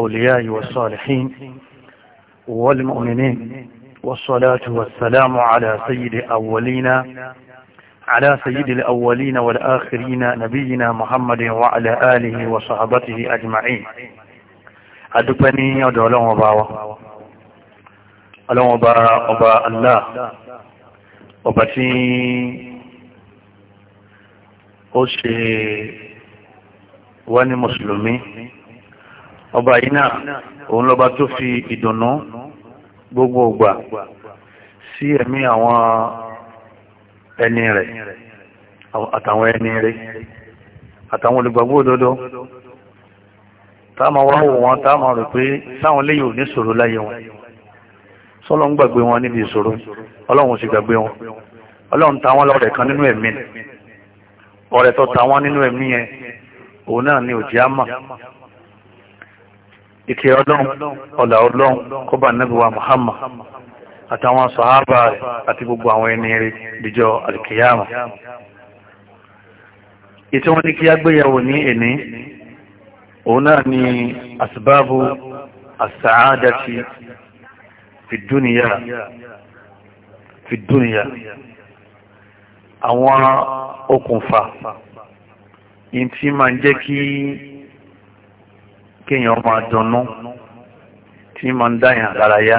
أولياء والصالحين والمؤمنين والصلاة والسلام على سيد الأولين على سيد الأولين والآخرين نبينا محمد وعلى آله وصحبته أجمعين أدبني أدعو لهم وباوة لهم وبا أبا الله وبتي أشي وأني مسلمين ọba yìí náà òun lọ́ba tó fi ìdùnnú gbogbo ògbà sí ẹ̀mí àwọn ẹni rẹ̀ àtàwọn ẹni rẹ̀ àtàwọn olùgbàgbọ́ òdodo táàmà wá wò wọn táàmà rò pé sáwọn léyìn ò ní ṣòro láyé wọn sọ́lọ́ ń gbàgbé wọn níbi ìṣòro ọlọ́run sì gbàgbé wọn ọlọ́run ta wọn lọ́rẹ̀ kan nínú ẹ̀mí ọ̀rẹ́ tó ta wọn nínú ẹ̀mí yẹn òun náà ni òjì á mà ìkẹ́ ọlọ́run ọlà ọlọ́run kọba nẹ́gbẹ̀wà Muhammad àtàwọn sọ̀hábà rẹ̀ àti gbogbo àwọn ẹni rẹ̀ dìjọ alìkìyàmà ìtí wọ́n ní kí a gbéyàwó ní ẹni òun náà ni asbábù as-sa'adati àwọn okùnfà yìí tí ń jẹ́ kí kéèyàn máa dunnú tí máa ń dáyàn lára yá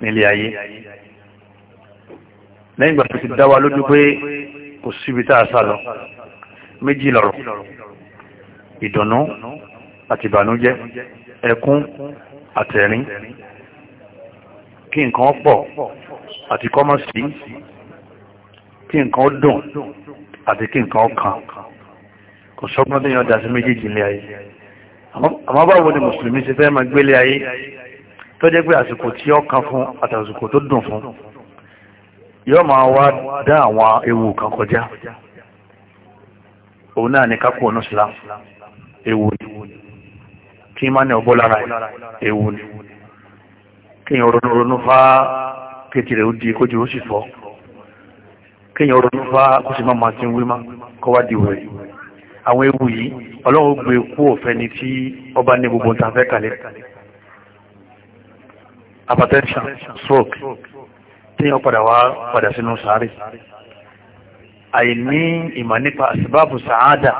nílé ayé lẹ́yìn ìgbà tó ti dá wa lójú pé kò síbi tá a sá lọ méjì lọ̀rọ̀ ìdùnnú àti ìbànújẹ́ ẹkún àtẹ̀rín kí nǹkan pọ̀ àti kọ́mọ̀ sí kí nǹkan dùn àti kí nǹkan kàn kò sọ́gbọ́n tó yàn dá sí méjèèjì ilé ayé àmọ́ báwo ni mùsùlùmí ṣe fẹ́ máa gbélé ayé tó jẹ́ pé àsìkò tí ó kan fún àtàsìkò tó dùn fún yóò máa wá dá àwọn ewu kan kọjá òun náà ni kákó ọ̀nà sílá ewu ni kí má ní ọbọ́ lára ewu ni kíyàn ronú ronú fá kékeré ó di kójú ó sì fọ́ kíyàn ronú fá kó sì má máa ti ń wí má kọ́ wá di wẹ̀rẹ̀ àwọn ewu yìí ọlọ́run gbé kú òfẹ́ ni tí ọba ní gbogbo nǹkan fẹ́ kalẹ̀ hypertension stroke téèyàn padà wá padà sínú sáré àìní ìmọ̀ nípa àsìbáàbù sàádà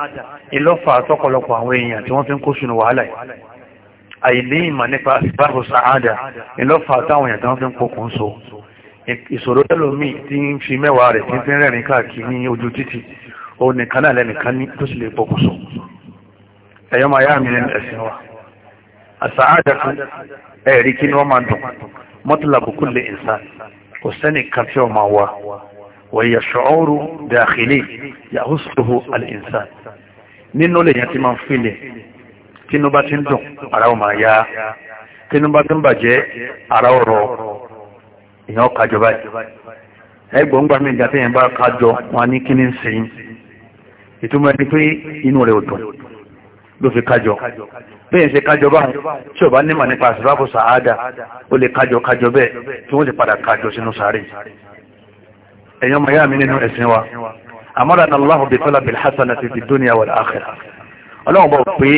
ìlọ́fà tọ́kọlọpọ̀ àwọn èèyàn tí wọ́n fi ń kó sínú wàhálà yìí àìní ìmọ̀ nípa àsìbáàbù sàádà òun nìkan náà lẹ́nìkan ní tó sì lè pokùnso ẹ̀yọ́ máa yá mi nínú ẹ̀sìn wa àṣàájà fún ẹ̀rí kí ni wọ́n máa dùn mọ́tòlá kò kúlẹ̀ ìsà kò sẹ́nì kan tí wọ́n máa wá wọ́n yẹ ṣọ́ọ́rù dàkìlì yàhùsùlùhù àlìsà nínú lè yẹn ti máa bá ti wọn máa yá ní ń sèyìn ìtumọ̀ ni pé inú rẹ̀ òdùn ló fi kájọ bẹ́ẹ̀ ṣe kájọ báyìí tí ò bá nímọ̀ nípa àṣìbáfò sàádà ó lè kájọ kájọ bẹ́ẹ̀ tí wọ́n ti padà kájọ sínú sàárè ẹ̀yàn mọ̀ yá mi nínú ẹ̀sìn wa àmọ́ra ní aláhù bí tọ́lá bí hasana ti fi dúnìyà wal akhirah ọlọ́run bọ̀ pé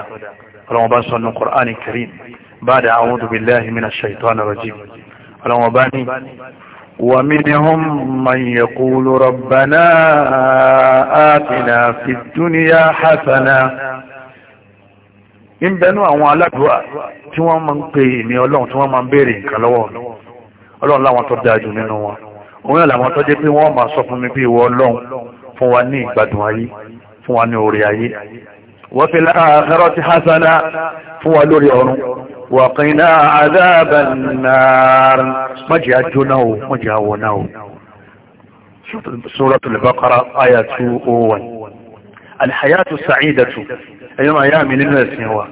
ká ọlọ́wọ́n bá sọ ní Qur'an Karim ba'da a'udhu billahi minash shaitani rajim ọlọ́wọ́n bá ní wa minhum man yaqulu rabbana atina fid dunya hasana ń bẹnu àwọn aládùúwà tí wọ́n máa ń pè ní ọlọ́run tí wọ́n máa ń béèrè nǹkan lọ́wọ́ ọlọ́run láwọn tó dáa jù nínú wọn òun náà làwọn tó jẹ́ pé wọ́n máa sọ fún mi bí ìwọ ọlọ́run fún wa ní ìgbádùn ayé fún wa ní oore ayé وفي الآخرة حسنا فوالو وقنا عذاب النار مجهدنه مجهونه شوف سورة البقرة آية 201 الحياة السعيدة أيما أيام من الناس هو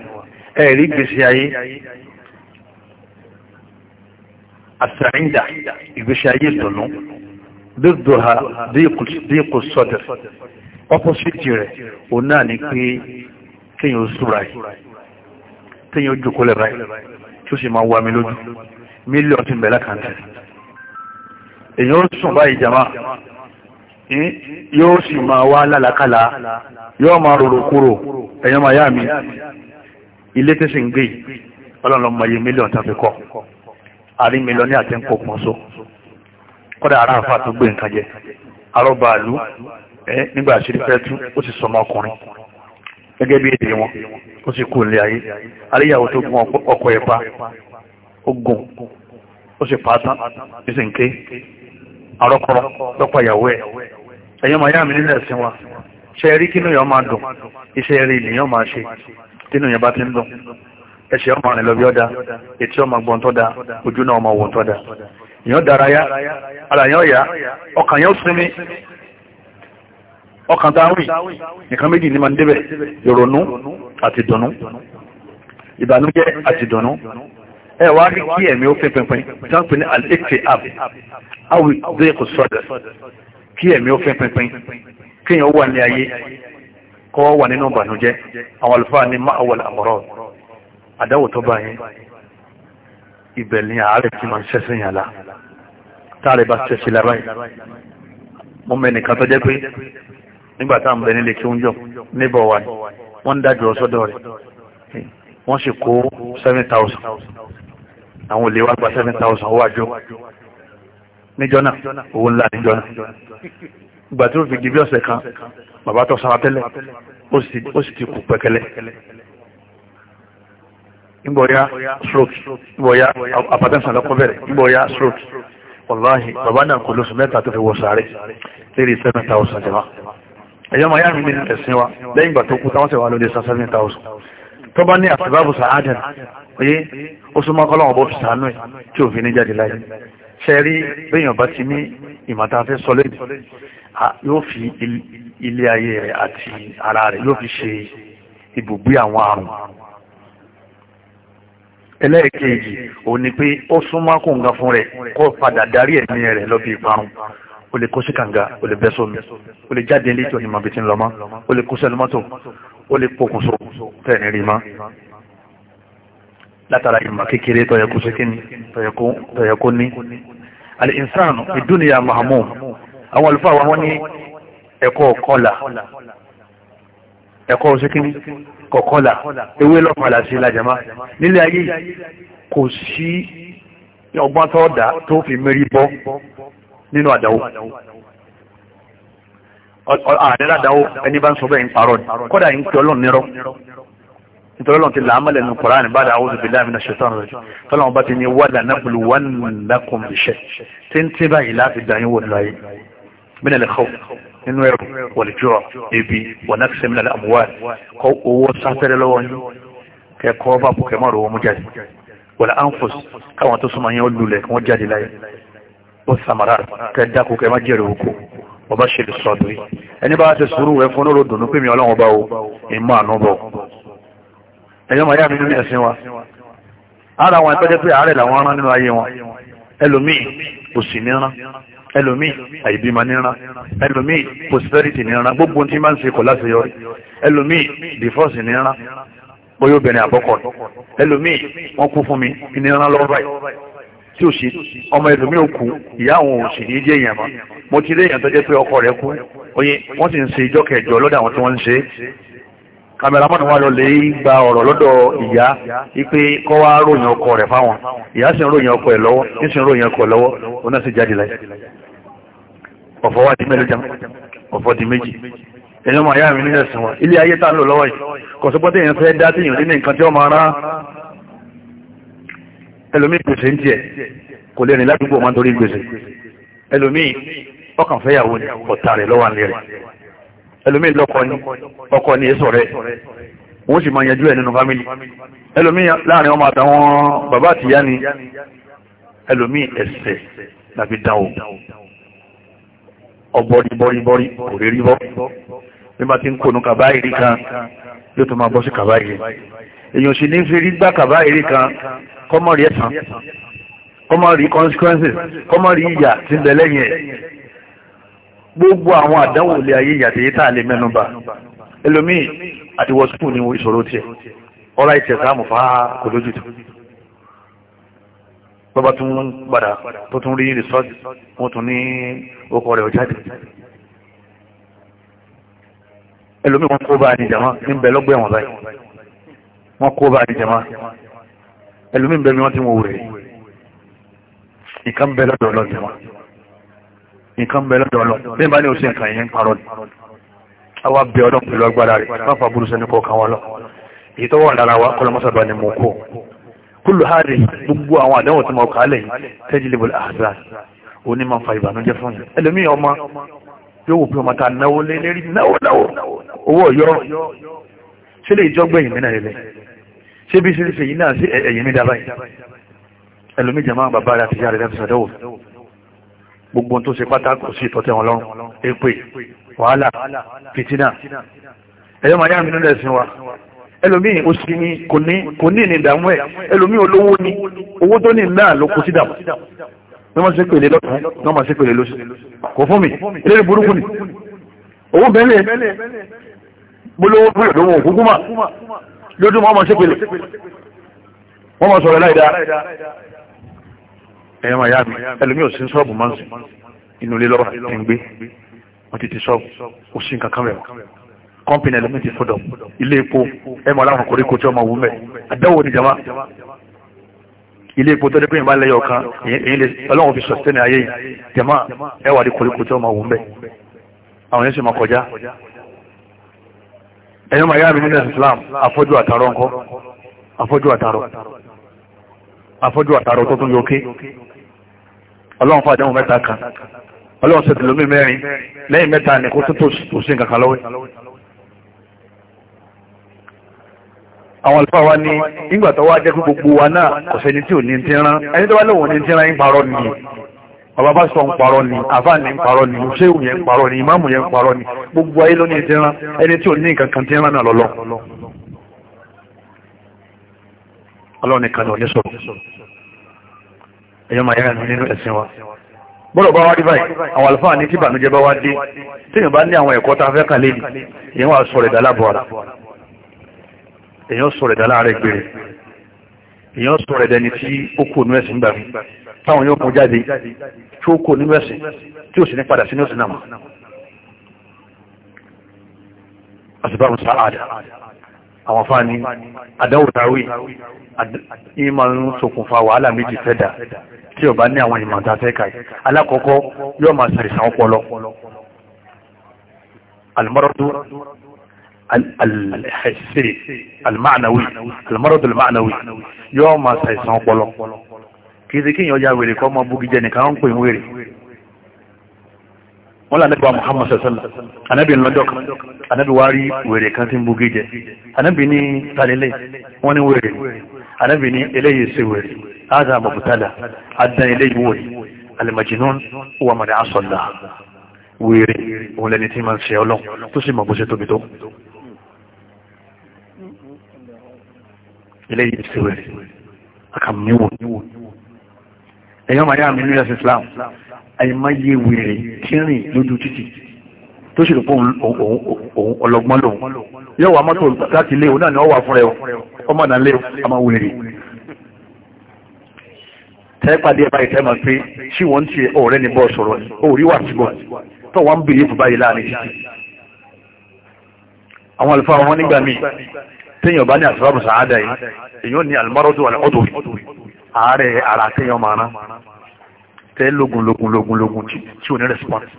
أهلي بسيعي السعيدة بسيعي الدنو ضدها ضيق ضيق الصدر وفي rẹ̀ òun téèyàn ó súra ẹ̀ téèyàn ó tí ó sì máa wà mi lójú mílíọ̀n ti bẹ̀rẹ̀ kàǹtì èyàn ó sùn báyìí jama yóò sì máa wá lálàkàlà yóò máa rorò kúrò ẹ̀yàn máa yá mi ilé tẹ́sí ń gbé ọlọ́run ọmọ yìí mílíọ̀n kọ́ àrí mílíọ̀n ní àti so kọ́dà ara àfa tó gbé nǹkan jẹ arọ́bàálù nígbà ó sọmọ gẹ́gẹ́ bí èdè wọn ó sì kú ilé ayé tó gún ọkọ̀ ẹ̀bá ó gùn ó sì pàtán ní sì ń ké arọ́kọ́rọ́ ìyàwó ẹ̀ ẹ̀yọ́ máa yá mi nílẹ̀ sí wa ṣe rí kínú yọ máa dùn iṣẹ́ rí máa ṣe tínú bá ti ń dùn ọmọ da ojú náà ọmọ tó da ara yẹn ọ̀yá ọkàn yẹn ó ọkàn táwìn nìkan méjì ní ma ń débẹ̀ ìrònú àti dùnú ìbànújẹ́ àti dùnú ẹ wá rí kí ẹ̀mí ó fẹ́fẹ́fẹ́ tí wọ́n pè ní àlẹ́kẹ́ àb áwì dé kò sọ́dọ̀ kí ẹ̀mí ó fẹ́fẹ́fẹ́ kéèyàn wà ní ayé kọ́ wà nínú ìbànújẹ́ àwọn àlùfáà ní má àwọn àmọ́rọ̀ àdáwò tó bá yẹn ibẹ̀ ni àárẹ̀ tí máa ń ṣẹ́sìn yàrá táàrẹ̀ bá ṣẹ́sìn lára yìí mo mẹ́nìkan tó jẹ́ pé nígbà tá à ń bẹ nílé kí oúnjọ níbọ̀ wa ni wọ́n ń dájọ́ sọ́dọ̀ rẹ̀ wọ́n sì kó seven thousand àwọn olè wa gba seven thousand owó àjọ níjọ́ náà owó ńlá níjọ́ náà ìgbà tí ó fi di bí ọ̀sẹ̀ kan bàbá tó sara tẹ́lẹ̀ ó sì ti kú pẹ̀kẹ́lẹ́ nbọ̀ya stroke nbọ̀ya apatẹ́sán lọ́kọ́ bẹ̀rẹ̀ nbọ̀ya stroke wàláhì bàbá náà kò lóṣù mẹ́ta tó fi wọ sàárẹ̀ lérí seven thousand jẹ́ wa ẹ̀yọ́ ma yá mi nínú ẹ̀sìn wa lẹ́yìn ìgbà tó kú táwọn sì wà lóde san seven thousand tó bá ní àtìbábù sàádẹ́n oyé ó súnmọ́ kọ́lọ́wọ́ bó fi sàánú ẹ̀ tí òfin ní jáde láyé ṣe rí béèyàn bá ti ní ìmọ̀ta fẹ́ sọ lẹ́nu yóò fi ilé o lè kó sí kànga o lè bẹ́ sómi o lè jáde ilé tí o ní ma bí ti ń lọ mọ́ o lè kó sẹ́nu mọ́tò o lè pokùnso tẹ̀ẹ̀ni rí ma látara ìmọ̀ kékeré tó yẹ kó sí kíni tó yẹ kó ní al-insanu ìdúnìyà mahamud àwọn àlùfáà wa wọ́n ní ẹ̀kọ́ kọlà ẹ̀kọ́ síkíní kọ̀kọ́là ewé lọ́pàá sí lájàmá nílé ayé kò sí ọgbọ́n tó dá tó fi mérí bọ́ nínú àdáwó àdẹ́rẹ́ àdáwó ẹni bá ń sọ bẹ́ẹ̀ ń parọ́ ni kọ́dà ń pè ọlọ́run nírọ́ nítorí ọlọ́run ti là á mọ́lẹ̀ nínú Kùránì bá dáa ọ̀dọ̀ bíláàmì náà ṣetán rẹ̀ tọ́lọ́run bá ti ní wàdà náà pẹ̀lú wọn lákùn iṣẹ́ tí ń tí báyìí láti dá yín wò nínú ayé mínà lè nínú ẹrù wọ̀lẹ̀jọ́ ebi wọ̀n náà ṣe mínà lè kọ́ owó sáfẹ́rẹ́ lọ́wọ́ yín kẹ́kọ́ bá bùkẹ́ mọ́rọ̀ wọn wasamara kẹdá kò kẹ má jẹrẹ oko ọba ṣe lè sọdúrí ẹni bá ṣe sùúrù rẹ fún olóòdùn ní pèmí ọlọ́run ọba o ìmọ̀ àánú bọ̀ ẹ̀yọ́ màá yá mi nínú ẹ̀sìn wa ara àwọn ẹgbẹ́ pé àárẹ̀ làwọn rán nínú ayé wọn ẹlòmíì òsì níran ẹlòmíì àìbímọ níran ẹlòmíì prosperity níran gbogbo tí máa ń ṣe kò láṣeyọrí mi níran lọ́wọ́ báyìí tí o ṣe ọmọ ẹlòmíì ò ìyá àwọn ò ní jẹ́ èèyàn mọ́ mo ti rí èèyàn tó jẹ́ pé ọkọ rẹ̀ kú oye wọ́n sì ń ṣe ìjọ kẹjọ lọ́dọ̀ àwọn tí wọ́n ń ṣe kàmẹ́rámọ́nù wa lọ lè gba ọ̀rọ̀ lọ́dọ̀ ìyá ipe kọ́ wá ròyìn ọkọ rẹ̀ fáwọn ìyá sì ń ròyìn ọkọ ẹ̀ lọ́wọ́ ní sì ń ròyìn ọkọ lọ́wọ́ òun náà sì jáde láì ọ̀fọ̀ wa di mélòó ọ̀fọ̀ di méjì ẹ̀yọ́mọ̀ ayá mi ní ẹ̀sìn wọn ilé ayé tá ń lò lọ́wọ́ yìí kọ̀sọ́pọ́tẹ̀yìn fẹ́ dá sí ìyàn nínú nǹkan tí wọ́n máa ẹlòmíì gbèsè ń tiẹ̀ kò lè rìn ládùúgbò máa ń torí gbèsè ẹlòmíì ọkàn fẹ́yàwó ni ọ̀tá rẹ̀ lọ́wọ́ àlẹ́ rẹ̀ ẹlòmíì lọ́kọ ni ọkọ ni èso rẹ̀ wọ́n sì máa yanjú ẹ̀ nínú fámìlì ẹlòmíì láàrin ọmọ àtàwọn bàbá àtìyá ni ẹlòmíì ẹsẹ̀ tàbí dáwò ọbọ̀rí bọ́rí bọ́rí kò rí rí bọ́ bí bá ti ń kónú kàbá ìrí kan yóò tó máa bọ́ sí kàbá ìrí èèyàn sì ní fi rí gbá kàbá ìrí kan kọ́mọ̀ rí ẹ̀sán kọ́mọ̀ rí consequences kọ́mọ̀ rí ìyà tí ń bẹ lẹ́yìn ẹ̀ gbogbo àwọn àdánwò ilé ayé ìyàtẹ̀yẹ tá a lè mẹ́nubà ẹlòmíì àti wọ́sùkù ni ìṣòro tiẹ̀ ọ̀rá ìtẹ̀ sáàmù fa kò lójú tó bọ́bá tún padà tó tún rí rìsọ́ọ̀tì wọ́n tún ní okọ̀ rẹ̀ ọ̀jáde ẹlòmíì wọ́n kó bá ní jàmá ní bẹ̀ báyìí wọ́n kó bá ní jàmá ẹlòmíín bẹ́ẹ̀ ni wọ́n ti wọ wẹ̀rẹ̀ nǹkan bẹ́ẹ̀ lọ́dọ̀ ọlọ́dẹ wọn nǹkan bẹ́ẹ̀ lọ́dọ̀ ọlọ́dẹ bẹ́ẹ̀ bá ní oṣù nǹkan yẹn ń parọ́ ni àwa bẹ ọdọ pẹ̀lú agbára rẹ̀ má fa burúkú sẹ́ni kọ̀ọ̀kan wọn lọ èyí tó wà lára wa kọlọmọsàdọ̀ ni mo kó kúlù hàrì gbogbo àwọn àdéhùn tí mo kà yìí tẹ́jìlébọ̀l àhàzán ṣé bí ṣe ṣe yìí náà sí ẹ̀yìn mi dábàá yìí ẹlòmí jẹ̀mọ́ bàbá rẹ̀ àti ìyá rẹ̀ láti ṣàdọ́wò gbogbo tó ṣe pátá kò sí ìtọ́tẹ̀ wọn lọ́rùn èpè wàhálà fìtínà ẹ̀yọ́ màá yá mi nílẹ̀ sí wa ẹlòmí ò sí ni kò ní kò ní ní ìdààmú ẹ̀ ẹlòmí olówó ni owó tó ní náà ló kó sí dàmú ní wọ́n òkúkú mà lójú wọn mọ̀ sípele wọ́n mọ̀ sọ̀rọ̀ láìdá ẹ̀yẹ́ máa yá mi ẹlòmí ò sí sọ́ọ̀bù máa ń sìn inú ilé lọ́wọ́ ẹ̀ ń gbé wọ́n ti ti sọ́ọ̀bù ó sì ń kankan rẹ̀ kọ́mpìnì ẹlòmí ti fọ́dọ̀ ilé epo ẹ̀ mọ̀ láwọn koríko tí wọ́n máa wú mẹ́ àdáwò ní jama ilé epo tó dẹ́kun yìí bá lẹ́yọ̀ kan èyí lè ọlọ́run fi sọ̀tẹ́nì ayé yìí jama ẹ̀ wà ẹ̀yọ́ màá yá mi nínú Islam afọ́jú àtàrọ ńkọ́ afọ́jú àtàrọ afọ́jú àtàrọ tó tún yókè ọlọ́run fàdánwò mẹ́ta kan ọlọ́run ṣètò lómi mẹ́rin lẹ́yìn mẹ́ta ni kó tó tó sí nǹkan kan lọ́wọ́ àwọn àlùfáà wa ní ìgbà tó wá jẹ́ pé gbogbo wa náà kò sẹ́ni tí ò ní ti rán ẹni tó wá lóun ní ti rán ń parọ́ nìyí bàbá bá sọ ń parọ́ ni àfáà ní ń parọ́ ni ṣéhù yẹn ń parọ́ ni ìmáàmù yẹn ń parọ́ ni gbogbo ayé lónìí ti rán ẹni tí ò ní nǹkan kan ti rán náà lọ́lọ́ ọlọ́run nìkan ni ò ní sọ̀rọ̀ ẹ̀yọ́ máa yára nínú ẹ̀sìn wa bọ́lọ̀ bá wá rí báyìí àwọn àlùfáà ní tí ìbànújẹ́ bá wá dé tí èèyàn bá ní àwọn ẹ̀kọ́ tá táwọn yóò mú jáde tí ó kò nínú ẹ̀sìn tí ó sì ní padà sínú ẹ̀sìn náà asibarun sa'ada àwọn fáni adáwò tàwí ìmọ̀ ń ṣokùnfà wàhálà méjì fẹ́dà tí ó bá ní àwọn ìmọ̀ tàfẹ́ kàí alákọ̀ọ́kọ́ yóò máa sàìsàn ọpọlọ almaradu alhassi almanawi almaradu almanawi yóò máa sàìsàn ọpọlọ kì í ṣe kíyàn ọjà wèrè kọ́ ọmọ bugi jẹ nìkan ń pè wèrè wọ́n lànà bá Muhammad sọ̀sọ́lá anábì lọ́jọ́ kan anábì wá rí wèrè kan tí ń bugi jẹ anábì ní talilé wọ́n ní wèrè anábì ní eléyìí ṣe wèrè áza mọ̀bùtálà adán eléyìí wòye alimajinun wà mọ̀dà asọ̀lá wèrè òun lẹni tí máa ń ṣe ọlọ́ tó sì mọ̀ bó tóbi tó eléyìí ṣe wèrè akàmúníwò ẹ̀yàn màá yá mi nílẹ̀ sí Islam àìmáyé wèrè tí rìn lójú títì tó sì rúpọ̀ ọlọ́gbọ́n lòun yóò wà mọ́tò láti ilé òun náà ni ó wà fún rẹ̀ ọmọ náà lé ọmọ wèrè tẹ́pàdé ẹ̀ báyìí tẹ́mà pé ṣí wọ́n ti ọ̀rẹ́ ní bọ́ọ̀ sọ̀rọ̀ orí wà síbọ̀ tó wọ́n ń bèèrè fún báyìí láàrin títí àwọn àlùfáà wọn nígbà míì téèyàn bá ní àsìbábù sàádà yìí èèyàn ní àlùmárọ́tò àlùmọ́tò àárẹ̀ ara téèyàn máa rán tẹ́ lógun lógun lógun lógun tí ò ní response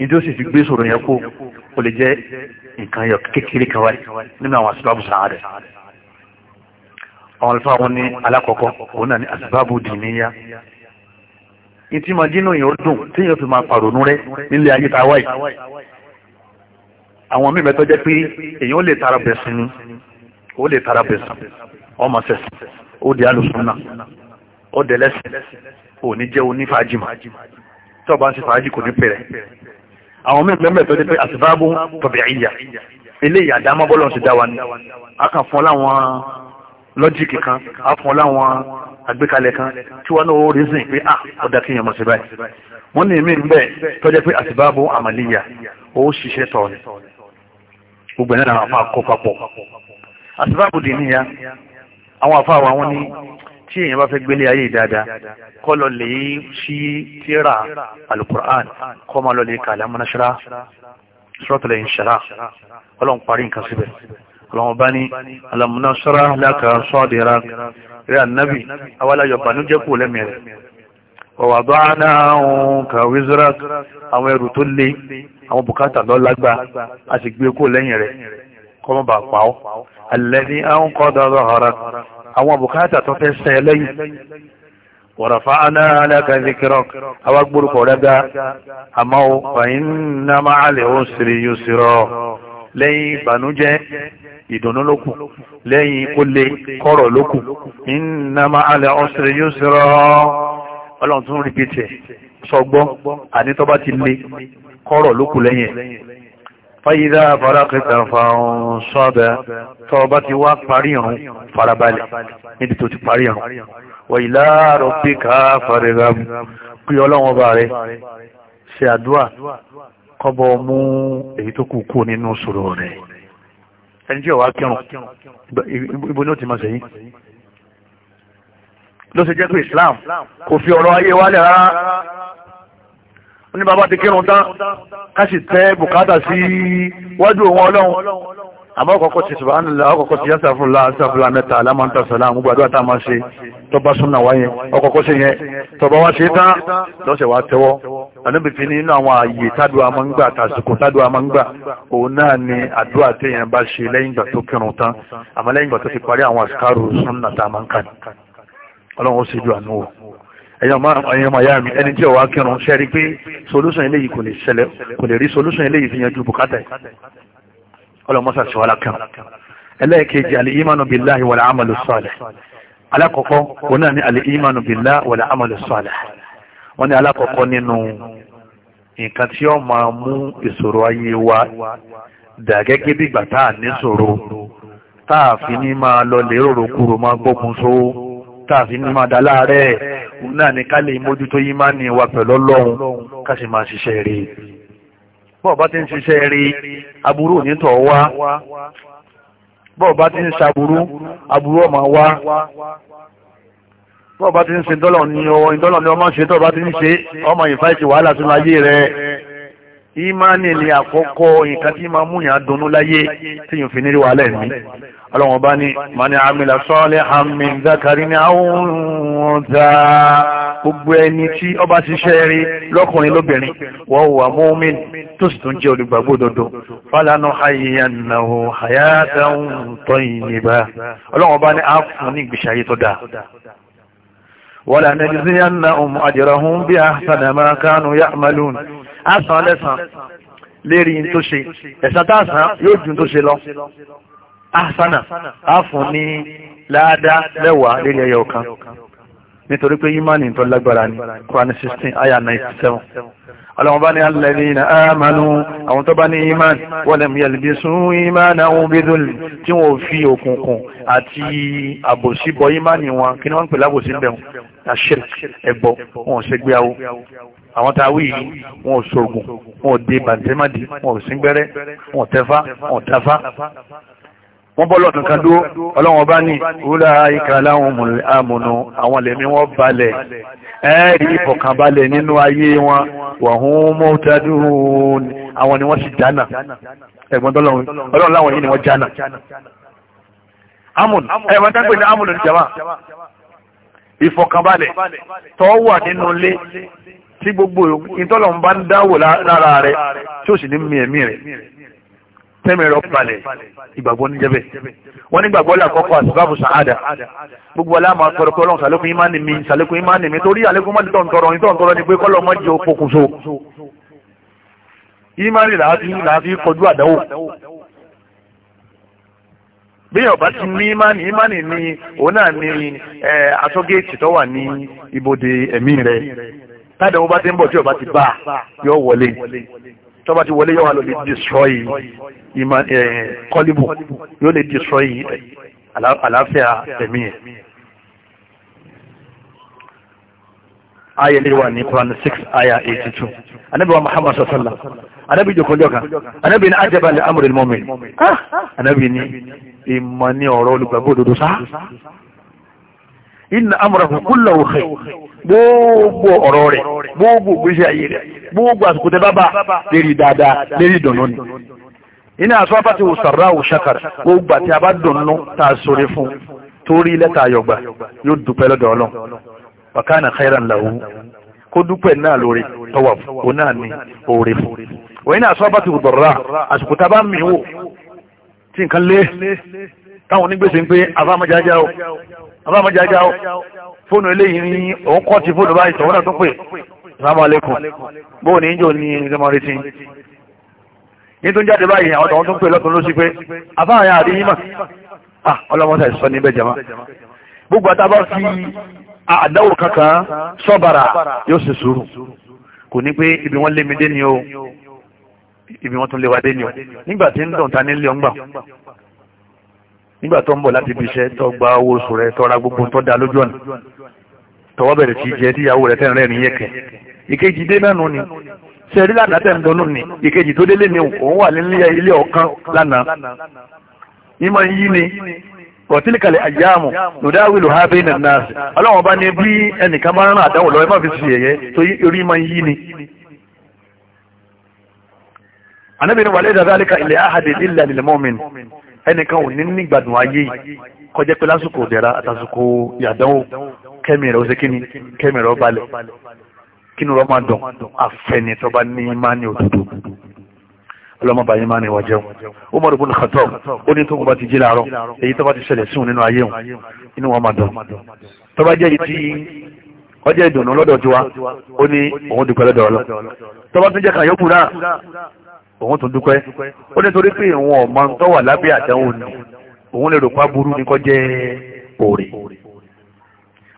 ní tí ó sì fi gbé sọ̀rọ̀ yẹn kó o lè jẹ́ nǹkan yọ kékeré kan wáyé nínú àwọn àsìbábù sàárẹ̀ àwọn alfa wọn ní alákọ̀ọ́kọ́ òun náà ní àsìbábù dì níyà ní tí máa dínú yẹn ó dùn téèyàn fi máa pàrònú rẹ nílé ayé ta wáyé àwọn mímẹ́ tó jẹ́ pé èèyàn ó lè tara bẹ̀sìn ni ó lè tara bẹ̀sìn ọmọ sẹ̀sìn ó di alùsùnà ó dẹ̀lẹ́sìn ò ní jẹ́ onífàájì mọ́ tí ọba ń ṣe fàájì kò ní pẹ̀rẹ̀ àwọn mẹ́mẹ́mẹ́ tó dé pé àsìbáàbù tọ̀bẹ̀ ìyà eléyìí àdámọ́ bọ́lọ̀ ti dá wa ni a kàn fún láwọn lọ́jíìkì kan a fún láwọn àgbékalẹ̀ kan tí wọ́n náà rí sìn pé ah kí èèyàn sí báyìí wọ́n ní ìmí àwọn àfáàwà wọn ní tí èyàn bá fẹ́ gbélé ayé dáadáa kó lọ lè ṣí tíra alukur'an kó máa lọ lè kà lámúnáṣírá sọ́tọ̀lẹ̀ ìṣẹ́ra ọlọ́run parí nǹkan síbẹ̀ ọlọ́run bá ní alamúnáṣírá láka sọ́ọ̀dẹ̀ra rẹ̀ ànábì awáláyọ̀ bànújẹ́ kù lẹ́mìí rẹ̀ ọ̀wàdọ́ àdáhùn kàwé zirak àwọn ẹrù tó le kọ́mọ́ bá pa ọ́ alladhi anqadha dhahrak àwọn bùkátà tó fẹ́ sẹ́ lẹ́yìn wa rafa'na laka dhikrak àwọn gbórúkọ rẹ̀ ga àmọ́ fa inna ma'al usri yusra lẹ́yìn ìbànújẹ́ ìdùnnú lókù lẹ́yìn kó lè kọ́rọ̀ lókù inna ma'al ọlọ́run tún rí pìtẹ̀ sọgbọ́ àní tó ti lè kọ́rọ̀ lókù lẹ́yìn fàyídá farakẹta fàún sọ́bẹ̀ tọba ti wá parí ìrun farabalẹ̀ níbi tó ti parí ìrun wà ìlàrọ̀ pé ká fàrẹ̀gà pí ọlọ́wọ́n bá rẹ̀ ṣe àdúà kọ́bọ̀ mú èyí tó kù kú nínú sòrò rẹ̀ ẹni tí ọ̀wá ní bàbá ti kírun tán ká sì tẹ́ bùkátà sí wájú òun ọlọ́run àmọ́ ọkọ̀ọ̀kọ̀ ti subhanallah ọkọ̀ọ̀kọ̀ ti yásàfúnlá àṣàfúnlá mẹ́ta alámọ́ntàṣàlá àwọn gbàdúrà tá a máa ṣe tó bá súnmọ̀ wá yẹn ọkọ̀ọ̀kọ̀ sí yẹn tó bá wá ṣe tán lọ́sẹ̀ wá tẹ́wọ́ àníbìfin nínú àwọn ààyè tádùá máa ń gbà tàṣìkò tádùá máa ń gbà òun náà ni àdúrà téèyàn bá ṣe lẹ́yìn ìgbà tó kírun tán àmọ́ lẹ́yìn ìgbà tó ti parí àwọn àṣìkárò súnnà tá a máa ń kà ní ọlọ́run ó ṣe ju àánú wò ẹ̀yàn ọmọ ayá mi ẹni tí ó wá kírun ṣe rí pé solúsùn eléyìí kò lè ṣẹlẹ̀ kò lè rí solúsùn eléyìí fi yanjú bùkátà ọlọ́mọ́sà sí wàhálà kan ẹlẹ́ẹ̀kejì alìyímánu billahi wàlà amalu salih alákọ̀ọ́kọ́ wọn náà ní alìyímánu billahi wàlà amalu salih wọn ní alákọ̀ọ́kọ́ nínú òun náà ni ká lè mójútó yí máa ní wa pẹ̀lú ọlọ́run ká sì máa ṣiṣẹ́ rí bọ́ọ̀ bá ti ń ṣiṣẹ́ rí aburú ò ní tọ̀ wá bọ́ọ̀ bá ti ń ṣaburú aburú ọ̀ máa wá bọ́ọ̀ ti ń ṣe dọ́lọ̀ ni ọmọ ṣe tọ́ọ̀ bá ti ń ṣe ọmọ ìfáìtì wàhálà sínú ayé rẹ̀ ìmánì ni àkọ́kọ́ nǹkan tí máa mú yàn dunnú láyé tí yìí fi nírí wà lẹ́ẹ̀mí ọlọ́wọ́n bá ní mani amila salihan min zakarin aw unza gbogbo ẹni tí ó bá ṣiṣẹ́ rí lọ́kùnrin lóbìnrin wa huwa mu'min tó sì tún jẹ́ olùgbàgbọ́ òdodo falanuhayyiyannahu hayatan tayyiba ọlọ́wọ́n bá ní á fún ní ìgbésí ayé tó dáa wala najziyannahum ajrahum bi àsàn lẹ́sàn lérí tó ṣe ẹ̀sán tààsán yóò dùn tó ṣe lọ àsánà á fún ní láàdá mẹ́wàá lérí ẹyọ kan nítorí pé yímánì tó lágbára ní Quran 16 aya 97 ọlọ́wọ́n bá ní alladhina amanu àwọn tó bá ní imán walam yalbisu imanahum bidhulm tí wọ́n fi òkùnkùn àti àbòsí bọ imánì wọn kí ni wọ́n ń pè lábòsí bẹ̀rùn àṣẹ ẹbọ wọn ò ṣègbéyàwó àwọn tá a wí yìí wọn ò ṣoògùn wọn ò de bàǹtẹ́mádì wọn ò síngbẹ́rẹ́ wọn ò tẹ́fá wọn ò tafá wọ́n bọ́ lọ́dún kan dúró ọlọ́run ọba ní wúlá ìkàláhùn àmùnù àwọn lẹ́mí wọ́n balẹ̀ ẹ́ẹ̀rí ìfọ̀kànbalẹ̀ nínú ayé wọn wọ̀hún mọ́tàdún àwọn ni wọ́n sì jánà ẹ̀gbọ́n tọ́lọ́run ọlọ́run láwọn yìí ni wọ́n jánà amùn ẹ̀wọ̀n tá ìfọ̀kànbalẹ̀ tó wà nínú ilé tí gbogbo ìtọ́lọ̀ ń bá ń dáwò lára rẹ̀ tí ó sì ní mi ẹ̀mí rẹ̀ tẹ́mẹ̀rọ balẹ̀ ìgbàgbọ́ ní jẹ́bẹ̀ wọ́n ní gbàgbọ́ làkọ́kọ́ àsìbábù sàádà gbogbo aláàmà tọrọkọ́ ọlọ́run sàlékún ìmánì mi sàlékún ìmánì mi torí àlékún mọ́dé tọ̀ntọ̀rọ̀ ní tọ̀ntọ̀rọ̀ ni pé kọ́lọ́ bẹ́ẹ̀ ọba ti ní ìmánì ìmánì ni òun náà ni atọ́gẹ́ẹ̀tì tó wà ní ibodè ẹ̀mí rẹ̀ táàdà wọn bá ti ń bọ̀ tí ọba ti bá yóò wọlé tó bá ti wọlé yóò wà lọ lè destroy kọ́líbù yóò lè destroy àlàáfíà ẹ̀mí yẹn. aya ilé wà ní Quran 6 aya 82 anabi wa Muhammad sallallahu anabi jokojoka anabi ni ajaba li amri al-mu'min anabi ni ìmọ̀ ní ọ̀rọ̀ olùgbàgbọ́ òdodo sá inna amrahu kullahu khayr gbogbo ọ̀rọ̀ rẹ̀ gbogbo gbèsè ayé rẹ̀ gbogbo àsìkò tẹ bábà lérí dáadáa lérí dùnú ni iná àsọ́bà ti wò sàrà wò ṣàkàrà gbogbo àti abádùnnú tá a sọ̀rọ̀ fún torí lẹ́tà àyọ̀gbà yóò dúpẹ́ wàkánà khairan lahu kó dúpẹ́ náà lórí tọwà fún òun náà ní òòrè fún òun náà sọ́bà ti dọ̀rọ̀ àsìkò tá a bá mì wò tí nǹkan lé táwọn onígbèsè ń pé abámajájá o abámajájá o fóònù eléyìí ní òun kọ́ ti fóònù báyìí tọ̀wọ́n náà tó pè salamu alaikum bóò ní ìjọ ní ìjọmọ̀rí tí ní tó ń jáde báyìí àwọn tó ń pè lọ́tún ló sí pé abáyà àríyìn mà ah, ọlọ́mọ́sà ìsọ níbẹ̀ jẹ́mọ́ gbogbo àtàbá fi àdáwò kankan sọ́bàrà yóò sì sùúrù kò ní pé ibi wọ́n lé mi dé ni o ibi wọ́n tún lé wa dé ni o nígbà tí ń ta nílé ọgbà nígbà tó ń bọ̀ láti ibi iṣẹ́ tó gba owó oṣù rẹ̀ tó ra gbogbo tó da lójú ọ̀nà tọwọ́ bẹ̀rẹ̀ sí jẹ́ tíyàwó rẹ̀ tẹ́rin rẹ̀ yẹ̀kẹ̀ ìkejì dé ni sẹ́rí lánàá tẹ̀ ń dọ́nù ni ìkejì tó délé ni òun wà nílé ilé ọ̀kan lánàá yí ni wọ̀tílìkàlẹ̀ àyàmù lòdáwìlò ha bẹ́ẹ̀ nàá náà ọlọ́wọ́n bá ní bí ẹnìkan bá rán àdáwò lọ́wọ́ má fi sí ẹ̀yẹ tó orí máa ń yí ni. anábìrin wà lẹ́dàá dálíkà ilẹ̀ ahadè lílẹ̀ lílẹ̀ mọ́min ẹnìkan ò ní nígbàdùn ayé kọjá pé lásìkò òdẹ̀ra àtàsìkò ìyàdánwò kẹ́mi rẹ̀ ó ṣe kíni kẹ́mi rẹ̀ ó balẹ̀ kínú rẹ̀ ó máa dùn àfẹnitọ́ bá ní ọlọ́mọba yìí máa ní ìwà jẹun Umar ibn Khattab ó ní tóun bá ti jí láàárọ̀ èyí tó bá ti ṣẹlẹ̀ síun nínú ayé òun inú wọn máa dùn tó bá jẹ́ ìtì ọjọ́ ìdùnnú lọ́dọ̀ tiwa ó ní òun dúpẹ́ lọ́dọ̀ ọlọ́ tó bá tún jẹ́ kàyọ́kù náà òun tún dúpẹ́ ó ní torí pé òun ọ̀mọ tó wà lábẹ́ àtẹ̀wò ni òun lè rò pa burú ní kọ́ òòrè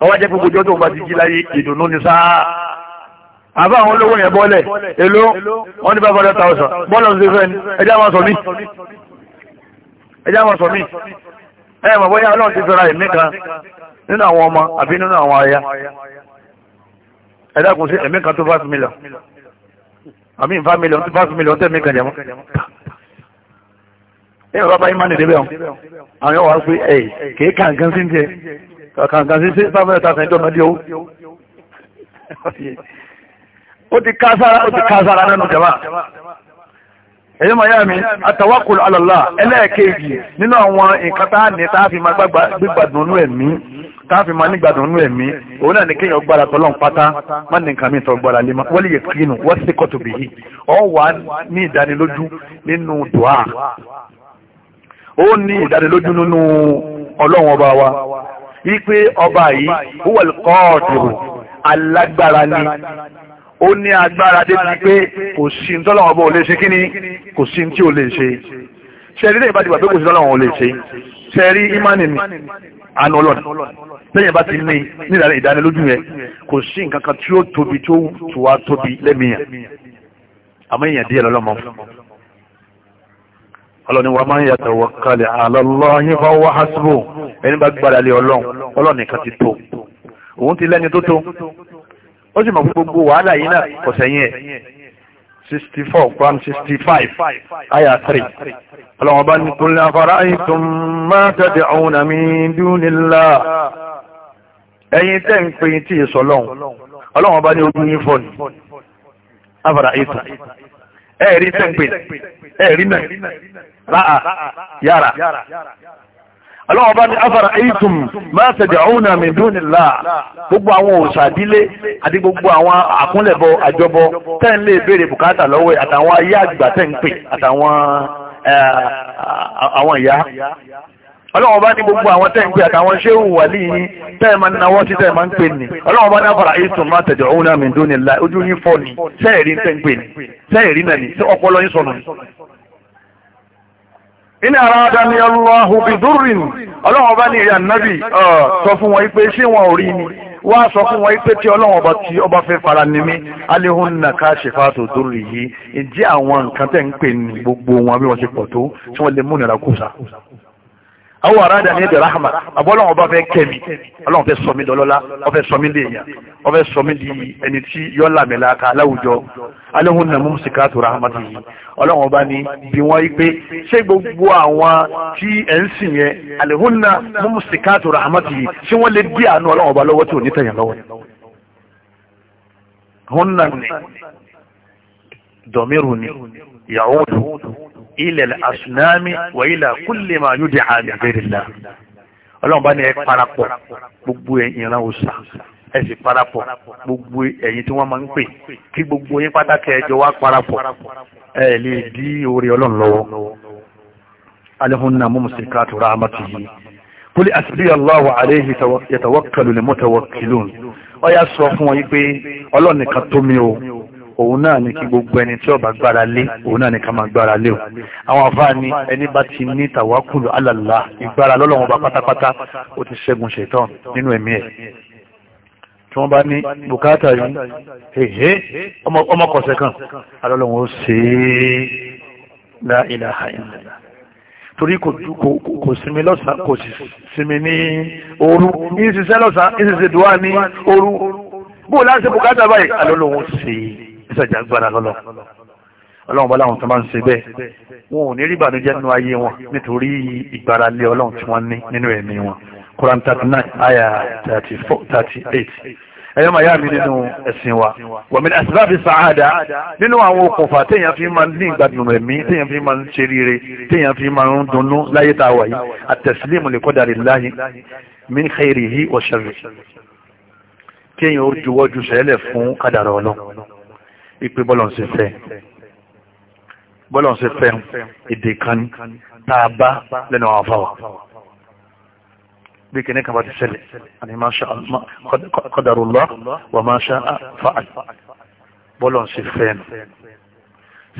ọwọ́ jẹ́ gbogbo ọjọ́ tó bá ti jí láyé ìdùnnú ni sáà àbá àwọn olówó yẹn bọ́lẹ̀ èló wọ́n ní five hundred thousand bọ́ọ̀lù ṣe fẹ́ ni ẹjá máa sọ mí ẹjá máa sọ mí ẹ mọ̀ bóyá ọlọ́run ti fẹ́ra ẹ̀mí kan nínú àwọn ọmọ àbí nínú àwọn aya ẹ̀dá kùn sí ẹ̀mí kan tó five million àmì five million tó five million tẹ̀mí kan jẹ̀mọ́ ẹ bàbá yìí máa nìdébẹ̀ ọ̀hún àwọn yóò wá pé ẹ̀ kìí kàǹkan sí ń tiẹ̀ kàǹkan sí five hundred thousand ìjọba dí owó ó ti kására ó ti kására nínú jama èyí ma yá mi àtàwákùlù alàlá ẹlẹ́ẹ̀kejì nínú àwọn nǹkan tá ní táàfin ma gbígbàdùn nú ẹ̀mí táàfin ma nígbàdùn nú ẹ̀mí òun náà ní kéèyàn gbára tọ́lọ́n pátá má ní nǹkan mi tọ́ gbára lé ma wọ́n lè yẹ kínú wọ́n sì kọ́tù bìyí ọ wà ní ìdánilójú nínú dùá ó ní ìdánilójú nínú ọlọ́run ọba wa wípé ọba yìí ó wà lè kọ́ ọ̀dùrù alágbára ni ó ní agbára débi pé kò sí ní tọ́lọ́wọ́n bó lè ṣe kí ni kò sí ní tí ò lè ṣe ṣẹ́rí lẹ́yìn bá ti wà pé kò sí tọ́lọ́wọ́n lè ṣe ṣẹ́rí ìmánì ni àánú ọlọ́run lẹ́yìn bá ti ní nílànà ìdánilójú yẹn kò sí nǹkan kan tí ó tóbi tó tù wá tóbi lẹ́mìíyàn àmọ́ èèyàn díẹ̀ lọ́lọ́mọ ọlọ́ni wa máa ń yàtọ̀ wọ kalẹ̀ àlọ́lọ́yìn ó sì mọ̀ pé gbogbo wàhálà yìí náà kò sẹ́yìn ẹ̀ sixty four quran sixty five aya three ọlọ́wọ́n bá ní kúnlẹ̀ afárá ìtùn máa tẹ̀tẹ̀ ọ̀hún àmì dúnilá ẹ̀yin tẹ́ ń pè tí ì ọlọ́wọ́n bá ní ogun ọlọ́wọ́ bá ní afara eitum máa tẹ̀jà òun náà mi dún nílá gbogbo àwọn òṣàdílé àti gbogbo àwọn àkúnlẹ̀bọ àjọbọ tẹ́ ń lè béèrè bùkátà lọ́wọ́ àtàwọn ayé àgbà tẹ́ ń pè àtàwọn àwọn ìyá ọlọ́wọ́ bá ní gbogbo àwọn tẹ́ ń pè àtàwọn ṣéhù wà líyìn tẹ́ ma ń sí tẹ́ ma ń pè ní ọlọ́wọ́ bá ní afara eitum máa tẹ̀jà òun náà mi dún nílá ojú yín fọ́ ni iná ara ni ọlọ́hùn bí dúrìn ọlọ́wọ́n bá ní ìyá nábì sọ fún wọn pé ṣé wọn ò rí ni wá sọ fún wọn pé tí ọlọ́wọ́n ọba tí ọba fẹ́ fara ni aléhùn náà ká ṣe fàtò dúrìn yìí ìdí àwọn nǹkan tẹ̀ ń pè ní gbogbo wọn bí wọ́n ṣe pọ̀ tó tí wọ́n lè múnira kùsà àwọn aráàdà ní ẹ̀dẹ̀ rahma àbọ̀ ọlọ́run ọba fẹ́ kẹ́mi ọlọ́run fẹ́ sọmi lọ́lọ́lá ọfẹ́ sọmi léèyàn ọfẹ́ sọmi di ẹni tí yọ́ làmìlà ká láwùjọ aléhùn nà mú sìkà tó rahmatu yìí ọlọ́run ọba ní bí wọ́n yí pé ṣé gbogbo àwọn tí ẹ̀ ń sìn yẹn aléhùn nà mú sìkà tó rahmatu yìí ṣé wọ́n lè dí àánú ọlọ́run ọba lọ́wọ́ tí ò ní tẹ̀yàn ni dọ̀míru ni yàwó ilẹ̀ asunami wà ilẹ̀ kúlẹ̀ máa yóò di àmì àbẹ̀rẹ̀lá ọlọ́run bá ní ẹ parapọ̀ gbogbo ìran òsà ẹ sì parapọ̀ gbogbo ẹ̀yin tí wọ́n máa ń pè kí gbogbo yín pátákì ẹjọ́ wá parapọ̀ ẹ lè dí orí ọlọ́run lọ́wọ́ alihunna mumsikatu rahmatihi kuli asbi allahu alayhi yatawakkalu lil mutawakkilun ó yá sọ fún wọn yí pé ọlọ́run nìkan tó mi o òun náà ni kí gbogbo ẹni tí ó bá gbára lé òun náà ni ká máa gbára lé o àwọn àfáà ni ẹni bá ti ní tàwákùlù alàlá ìgbára lọ́lọ́wọ́n bá pátápátá ó ti ṣẹ́gun ṣètàn nínú ẹ̀mí ẹ̀ tí wọ́n bá ní bùkátà yìí èhé ọmọkọ̀ọ̀sẹ̀ kan alọ́lọ́wọ́n ṣe é la ilaha torí kò sinmi lọ́sàn kò sì sinmi ní òru ní lọ́sàn ní ṣiṣẹ́ ní òru bó láti bùkátà báyìí alọ́lọ́wọ́n ṣe é ìsàjà agbára lọ́lọ́ ọlọ́run bọ́lá àwọn tó máa ń ṣe bẹ́ẹ̀ wọn ò ní rí ìbànújẹ́ nínú ayé wọn nítorí ìgbára lé ọlọ́run tí wọ́n ní nínú ẹ̀mí wọn Quran thirty nine ayah thirty four thirty eight ẹ̀yọ́ màá yá mi nínú ẹ̀sìn wa wọ̀mí àsìláàbí sàáàdá nínú àwọn okùnfà téèyàn fi máa ń ní ìgbàdùn ẹ̀mí téèyàn fi máa ń ṣe rire téèyàn fi máa ń dunnú láyé tá a wà yìí àtẹ̀sílẹ̀mù lè kọ́dà lillahi min khairihi wa sharrihi kéèyàn ó juwọ́ ju sẹ́lẹ̀ fún kádàrá ọlọ́run ipe bọ́lọ̀n ṣe fẹ́ bọ́lọ̀n ṣe fẹ́ èdè kan tá a bá lẹ́nu àwọn afáwà bí kìnnìkan bá ti ṣẹlẹ̀ àní máa ṣe qadarullah wà máa ṣe fa'al bọ́lọ̀n ṣe fẹ́ nù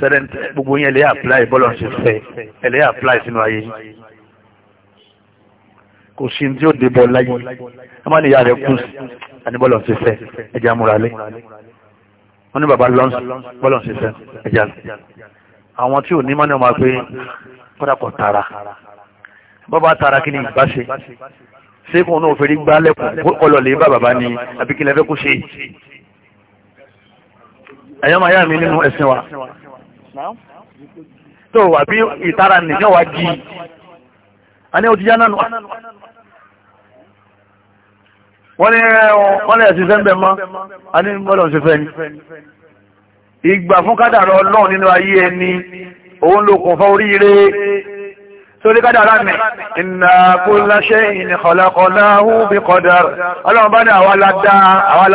sẹ́rẹ̀ gbogbo yẹn lè apply bọ́lọ̀n ṣe fẹ́ ẹ̀ lè apply sínú ayé kò sí tí ó dé bọ́ láyé ẹ má ní ìyá rẹ̀ kú sí àní bọ́lọ̀n ṣe fẹ́ ẹ̀jẹ̀ amúralé wọ́n ní bàbá lọ́nsì bọ́lọ̀ ṣiṣẹ́ ẹ̀já àwọn tí ò ní mọ́ni ọmọ pé kọ́dàpọ̀ tara bọ́bá tara kí ni ìgbà ṣe sékùn náà fèrè gbá lẹ́kùn kọlọ̀ lè bá bàbá ni àbí kí lẹ́fẹ́ kó ṣe ẹ̀yọ́ máa yá mi nínú ẹ̀sìn wa tó àbí ìtara nìkan wá jí a ní òjijá náà wọ́n ní eh, wọ́n lẹ̀ sí fẹ́ǹbẹ̀ mọ́ a ní mọ́lọ̀ sí fẹ́ ni ìgbà fún kádàrà ọlọ́run nínú ayé ẹni òun ló kún fún oríire sórí kádàrà mi inna kulla shay'in khalaqnahu bi qadar ọlọ́run bá ní àwa la dá àwa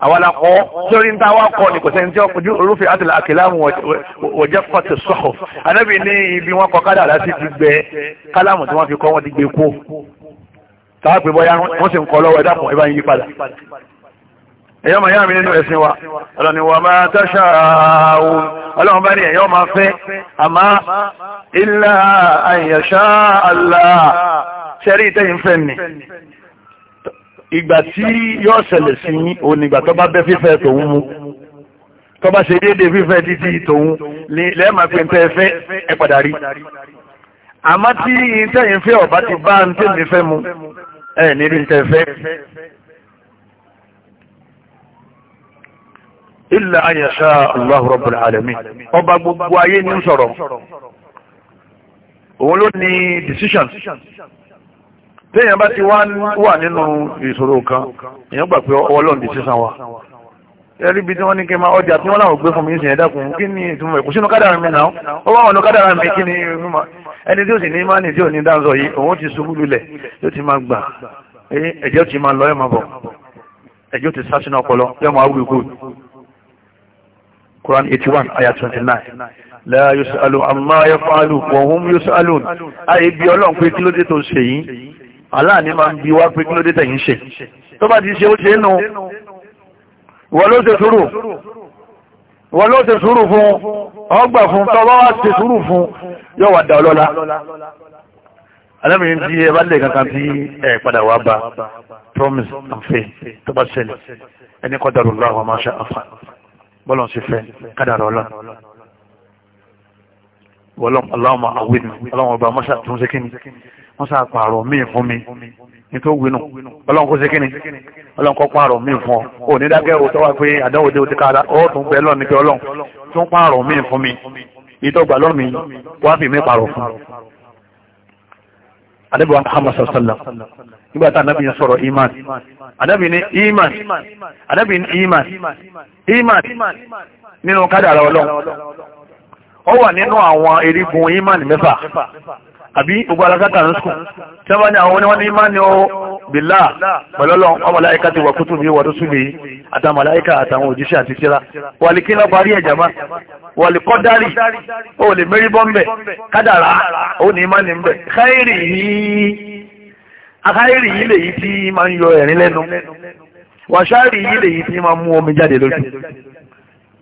àwọn akọ sórí ń táwọn akọ ní kò sẹ́ni tí wọ́n kojú olúfẹ́ àtìlá àkìláàmù wọ̀jẹ́ pàtó sọ́ọ̀ anábì ní ibi wọn kọ kádà láti fi gbẹ kálàmù tí wọ́n fi kọ́ wọn ti gbé kó táwọn pè bọ́yá wọ́n sì ń kọ́ lọ́wọ́ ẹ̀dàkùn ẹ̀bá yí padà ẹ̀yọ́ máa yá mi nínú ẹ̀sìn wa ọlọ́ni wà máa tọ́ṣà òun ọlọ́run bá ní ẹ̀yọ́ máa fẹ́ àmá ilá àyẹ̀ṣá àlá ṣẹ́rí ìtẹ́yìn fẹ́ ni ìgbà tí yóò ṣẹlẹ̀ sí onígbà tó bá bẹ́ fífẹ́ tòun mu tó bá ṣe déédéé fífẹ́ títí tòun lẹ́ẹ̀mà pé ń tẹ́ fẹ́ ẹ padà rí àmọ́ tí ìtẹ́yìn fẹ́ ọ̀bá ti bá ń tẹ́ mi fẹ́ mu ẹ̀ nírí ń tẹ́ fẹ́ illa an yasha Allahu rabbul alamin ọba gbogbo ayé ní sọ̀rọ̀ òun ló ní decision téèyàn bá ti wà nínú ìṣòro kan èèyàn gbà pé ọlọ́run ti sísan wa ẹrí bí tí wọ́n ní kí máa ọjà tí wọ́n láwọn gbé fún mi ìsìn ẹ̀dàkùn kí ní ìtumọ̀ ẹ̀kù sínú kádàrà mi náà ó wá ọ̀nà kádàrà mi kí ni mímọ̀ ẹni tí ó sì ní máa ní tí ò ní dáńsọ yìí òun ti ṣubú lulẹ̀ yóò ti máa gbà ẹjọ́ ti máa lọ ẹ̀ máa bọ̀ ẹjọ́ ti sá sínú ọpọlọ yóò máa wí kú Quran 81 ayah 29 la yusalu amma yafalu wa hum yusalun àyè bí ọlọ́run pé kí ló dé tó ṣe yìí Allah ni máa ń bi wá pé kí ló dé tẹ̀yìn ṣe tó bá ti ṣe ó ṣe é nu wọ́n ló ṣe sùúrù wọ́n ló ṣe sùúrù fún ọgbà fún tọ́wọ́ wá ṣe sùúrù fún yóò wà dá ọlọ́lá alámìrin tí ẹ bá lè kankan tí ẹ padà wá bá promise and faith tó bá ṣẹlẹ̀ ẹni kọ́ dàrú lọ́wọ́ máa ṣe àfà bọ́lọ̀ sí fẹ́ kádàrá ọlọ́run wọ́lọ́m aláwọ̀ máa àwìn ọba máṣà tó wọ́n sá pààrọ̀ míì fún mi nítorí tó ọlọ́run kó ṣe kíni ọlọ́run pààrọ̀ fún ọ ní dákẹ́ òótọ́ wá pé àdánwò dé òtíkà ó tún tún pààrọ̀ fún mi ìtọ́gbà lọ́mí wá fi mí pààrọ̀ fún adébọ̀wá Muhammad anábì ń sọ̀rọ̀ iman anábì ní iman anábì ní iman iman nínú kádàrà wà nínú àwọn erigun iman mẹ́fà àbí gbogbo alákàtà ń sùn tí wọ́n bá ní àwọn oníwọ́n ní máa ní o bìlá pẹ̀lọ́lọ́ ọmọláyíká ti wà kútù bí wọ́n tó sùn lè àtàmàláyíká àtàwọn òjíṣẹ́ àti tíra wà lè kí lọ parí ẹ̀jà má wà lè kọ́dárì ó lè mérí bọ́m̀bẹ̀ kádàrá ó ní máa ní mbẹ̀ káyìrì yìí akáyìrì yìí tí máa ń yọ ẹ̀rín lẹ́nu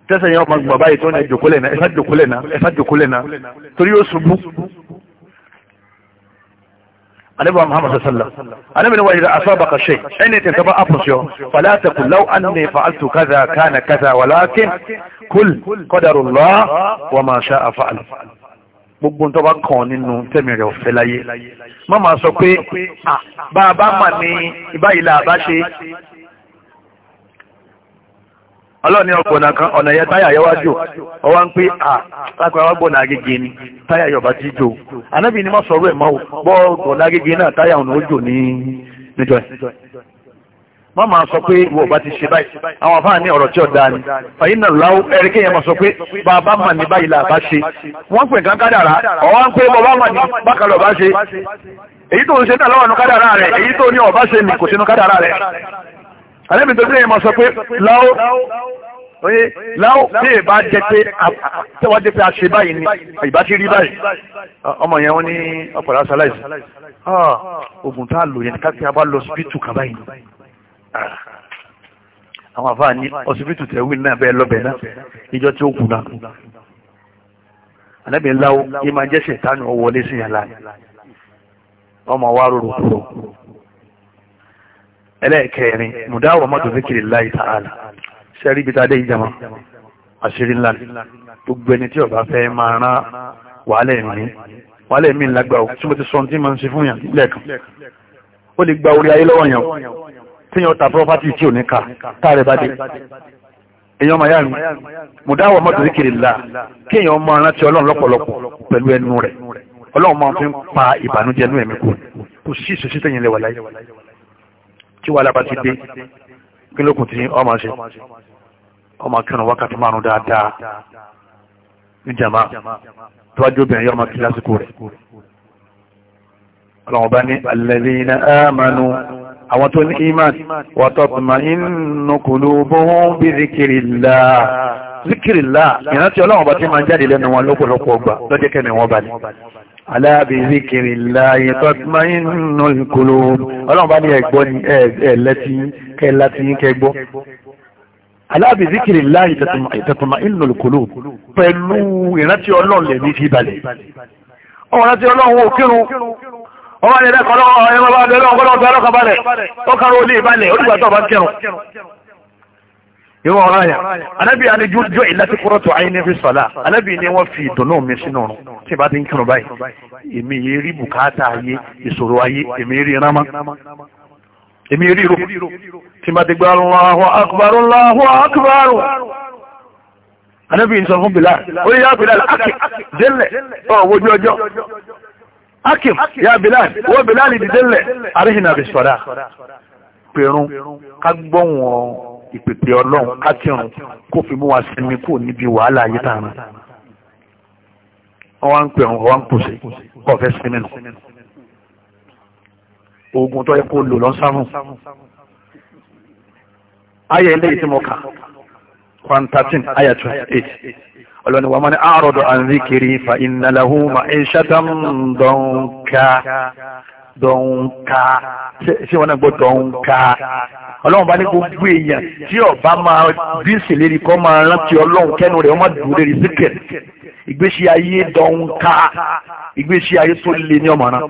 tẹ́sẹ̀ yẹn ọmọ bàbá tó ní ẹ̀jọ̀kúlẹ̀ náà torí ó ṣubú anabiwa muhammad sallallahu anabi wa idha asabaka shay anything kaba happens yo fala taqul law anni fa'altu kadha kana kadha walakin kul qadarullah wa ma sha'a fa'al gbogbo tó bá kàn nínú tẹ́mi rẹ̀ ọ̀fẹ́ láyé má máa sọ pé ah, bá a bá mà ní ìbáyìí là ọlọ́ni ọkọ̀ ọ̀nà kan ọ̀nà yẹn táyà yẹn wájú ọwá ń pé à lápẹ́ àwọn gbọ̀nà agége ni táyà yọba ti jò anábì ni wọ́n sọ̀rọ̀ ẹ̀ mọ́ bọ́ gbọ̀nà agége náà táyà ọ̀nà ó jò ní níjọ́ ẹ̀ wọ́n máa sọ pé wọ́n bá ti ṣe báyìí àwọn afáà ní ọ̀rọ̀ tí ni fàyín náà sọ pé bàbá mà ní báyìí là bá ṣe àlẹ́bí tó sẹ́yìn mọ̀ sọ pé láó oye láó bí ìbá jẹ pé tẹ́wọ́ jẹ pé a ṣe báyìí ni ìbá ti rí báyìí ọmọ yẹn wọ́n ní ọ̀pọ̀lá sáláìsì ah, oògùn tá a lò yẹn káàkiri a bá lọ síbítù kan báyìí ah, àwọn àfáà ní ọsibítù tẹ̀wé náà bẹ́ẹ̀ lọ́bẹ̀ náà ìjọ tí ó kù náà àlẹ́bí láó yìí máa jẹ́ ṣètánù ọwọ́lé sí yàrá ọmọ wa rorò kúrò ẹlẹ́ẹ̀kẹrin mùdáwọ̀ mọ́tò zikiri láì tààlà sẹ́rí ibi tàdé ìjàmà àṣírí ńlá gbogbo ẹni tí ọba fẹ́ máa rán wàhálẹ̀ mi wàhálẹ̀ mi lágbà ó tí mo ti sọ tí mo ń ṣe fún yàn lẹ́ẹ̀kan ó lè gba orí ayé lọ́wọ́ yàn tí yàn ta property tí ò ní ka táàrẹ bá dé èèyàn máa yá mi mùdáwọ̀ mọ́tò zikiri lá kí èèyàn máa rántí ọlọ́run lọ́pọ̀lọpọ̀ pẹ̀lú ẹnu rẹ̀ ọlọ́run máa fi ń pa ìbànújẹ́ nú ẹ̀mí kù kò sí ìṣòṣì lẹ́wà láyé tí wàhálà bá ti dé kí lókun tí ọmọ ṣe ọmọ kírun wákàtí márùn dáadáa ní jàmá tó wájú obìnrin kí lásìkò rẹ̀ ọlọ́wọ́n ní alladhina amanu àwọn tó ní iman wa tatma'innu qulubuhum bi dhikrillah dhikrillah ìrántí ọlọ́wọ́n bá ti jáde lẹ́nu wọn lọ́pọ̀lọpọ̀ ọgbà lọ́jẹ́kẹ́ ni wọ́n balẹ̀ ala bi zikrillahi tatma'innul qulub ọlọ́run bá ní ẹ̀gbọ́ ní ẹ̀lẹ́tí kẹ́láti kẹgbọ́ ala bi zikrillahi tatma'innul qulub pẹ̀lú ìrántí ọlọ́run lẹ̀ ní fi balẹ̀ ọmọ rántí ọlọ́run ò kírun ọmọ ìwọ ọ̀rọ̀ yẹn anábì àlejò jọ ìlàtí kúrọ́tù àyíní fi sọ̀lá anábì ni wọ́n fi ìdùnnú mi sínú ọ̀run tí ìbá ti ń kírun báyìí èmi yìí rí bùkátà ayé ìṣòro ayé èmi rí rámá èmi rí ro tí ìbá ti gbá Allahu akbar Allahu akbar anábì ń sọ fún Bilal ó yá Bilal akim délẹ̀ ọ̀wọ́ ọjọ́ akim yá Bilal wọ́n Bilal dìdélẹ̀ àríhìnà fi pẹ̀rún ká wọn ìpèpè ọlọ́run kátìrún kó fi mú wa sinmi kúrò níbi wàhálà ayé tààrà wọ́n wá ń pè ọ̀hún wọ́n ń pòṣe kọ́ fẹ́ sinmi nù oògùn tó yẹ kó lò lọ́sàmù ayé ilé tí mo kà one thirteen ayé twenty eight ọlọ́ni wa mani àròdọ̀ àǹzíkiri fa ìnàlàhù ma ìṣàtàn dọ̀nka dọ̀nka ṣé wọn náà gbọ́ dọ̀nka ọlọ́run bá ní gbogbo èèyàn tí ọba máa bí ìṣèlérí kọ́ máa rántí ọlọ́run kẹ́nu rẹ̀ wọ́n má dùn lérí zikir ìgbésí ayé dọ̀hún ká ìgbésí ayé tó le ní ọmọ náà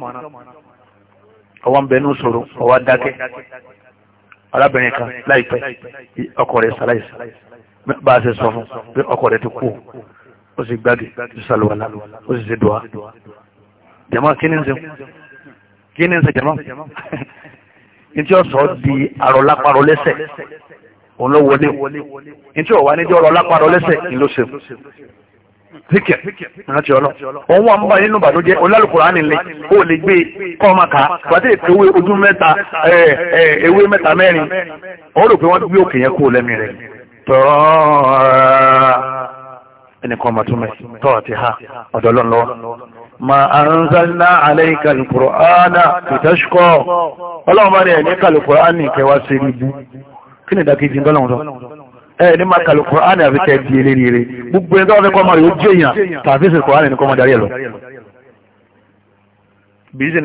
ọwọ́ ń bẹnu sọ̀rọ̀ ọwọ́ dákẹ́ arábìnrin kan láìpẹ́ ọkọ rẹ̀ ṣaláìsí bá a ṣe sọ fún pé ọkọ rẹ̀ ti kú ó sì gbàgbé ó sì ṣàlùwàlá ó sì ṣe dùwà jẹ̀mọ́ kí ni ń ṣe kí ni ń ṣe jẹ̀mọ́. ntí ọsọ di arọ̀lápàrọ̀ l'ẹsẹ òun ló wọlé ntí ọ̀wá níjọ́ arọ̀lápàrọ̀ lẹ́sẹ̀ ni ló ṣe zikir rántí ọlọ òun wà ń bá nínú ìbànújẹ́ olálùkùrá nílé ó lè gbé kọ́ ọmọ ìpéwé ojú ewé ó rò pé gbé òkè yẹn ma anzalna alayka alqur'ana litashqa ọlọ́run bá rẹ̀ ní kàlùkùránì kẹwàá sí ibú kí ni ìdákejì ńgọ́lọ́run sọ ẹ ní ma kàlùkùránì àfi kẹ́ di eléré rẹ̀ gbogbo ẹgbẹ́ ọ̀fẹ́ kọ́mọ rẹ̀ ó jẹ́ èèyàn tàbí sí kùránì ní kọ́mọ darí ẹ̀ lọ bí ìsìn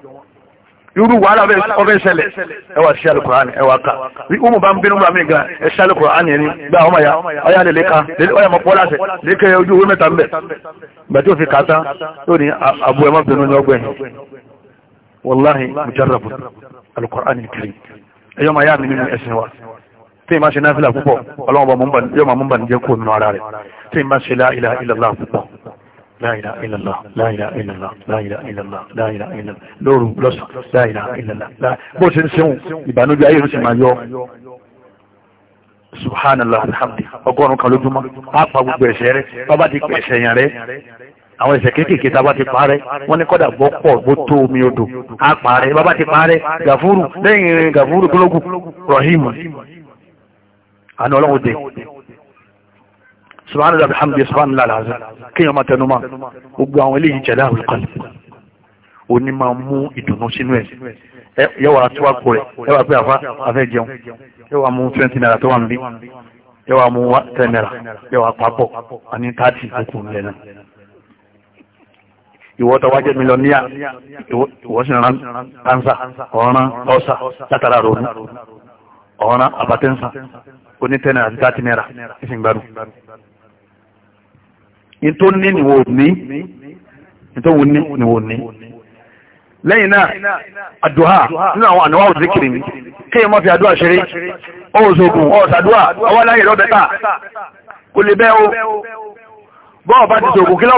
irú wàhálà ọbẹ̀ ṣẹlẹ̀ ẹwà sí alùkùránì ẹwà ká umu bá ń bínú bá mi gan ẹṣí alùkùránì ẹni gbá ọmọ ya ọyá lè lè ká ọyá mọ pọ́ láṣẹ lékè ojú owó mẹ́ta ń bẹ̀ bẹ̀ tó fi kàtá tó ní àbú ẹmọ bínú ní ọgbẹ́ wàláhì mujarrabu alùkùránì kiri ẹyọ máa yá mi nínú ẹsìn wa tí ìmá ṣe ṣe lá ilaha illallah púpọ̀ láìlá ìlàlá láìlá ìlàlá láìlá ìlàlá láìlá ìlàlá lóru lọ́sàn láìlá ìlàlá bó ṣe ń sẹ́wọ̀n ìbànújẹ́ ayé sì máa yọ subhanallah alhamdulillah ọgọ́rùn kan lójúmọ́ á pa gbogbo ẹ̀ṣẹ̀ rẹ bábá ti pẹ̀ ẹ̀ṣẹ̀ yàn rẹ àwọn ẹ̀ṣẹ̀ kéékèèké tá a bá ti parẹ́ wọ́n ní kọ́dà bọ́ pọ̀ bó tó omi odò á subhanahu wa bihamdi subhanahu wa ta'ala kéèyàn máa tẹnu máa gbogbo àwọn eléyìí jẹ̀dá àwọn ìkọlù òní máa mú ìdùnnú sínú ẹ̀ yẹ́wà tí wàá kó rẹ̀ yẹ́wà pé àfa afẹ́ jẹun yẹ́wà mú twenty naira tó wà níbí yẹ́wà mú ten naira yẹ́wà papọ̀ àní thirty okùn lẹ́nu ìwọ tó wájẹ́ mílíọ̀níà ìwọ sì rán kánsà ọ̀ràn ọ̀sà látara ronú ọ̀ràn àbátẹ́nsà oní ten naira àti thirty naira ìsìn gbádùn in tó ní ni wò ní tó wò ní ni wò ní lẹ́yìn náà àdúhà nínú àwọn àníwá òzíkiri ní kí èyí fi àdúhà ṣeré ọ̀ṣogun ọ̀ṣàdúhà ọwọ́ láyé lọ́bẹ̀ta kò lè bẹ́ o bọ́ọ̀ bá ti ṣògùn kí lọ́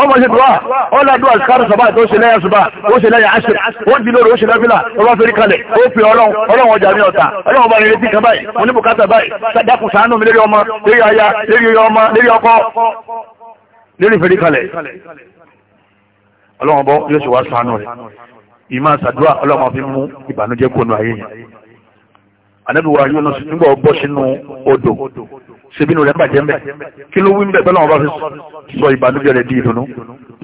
ọmọ ṣe dùwà ọlọ́dún àṣìkárù sọ̀bá tó ṣe lẹ́yà ṣùgbà ó ṣe lẹ́yà aṣẹ wọ́n di lóru ó ṣe lábílà ọba fẹ́rí kalẹ̀ ó fi ọlọ́run ọjà mi ọ̀tà ọlọ́run ọba ìrètí kan báyìí mo ní bùkátà báyìí dákun ṣàánú mi lérí ọmọ lérí aya lérí ọmọ lérí ọkọ lérí fẹ́rí kalẹ̀ ọlọ́run ọbọ yóò ṣe wá ṣàánú rẹ̀ ìmọ̀ àṣàdúrà ọlọ́run fi mú ìbànújẹ́ kónú ayé yẹn sebinu rẹ̀ bàjẹ́ mbẹ́ kí ló wí mbẹ́ pẹ́lú àwọn bá fi sọ ìbànújẹ́ rẹ̀ di ìdùnnú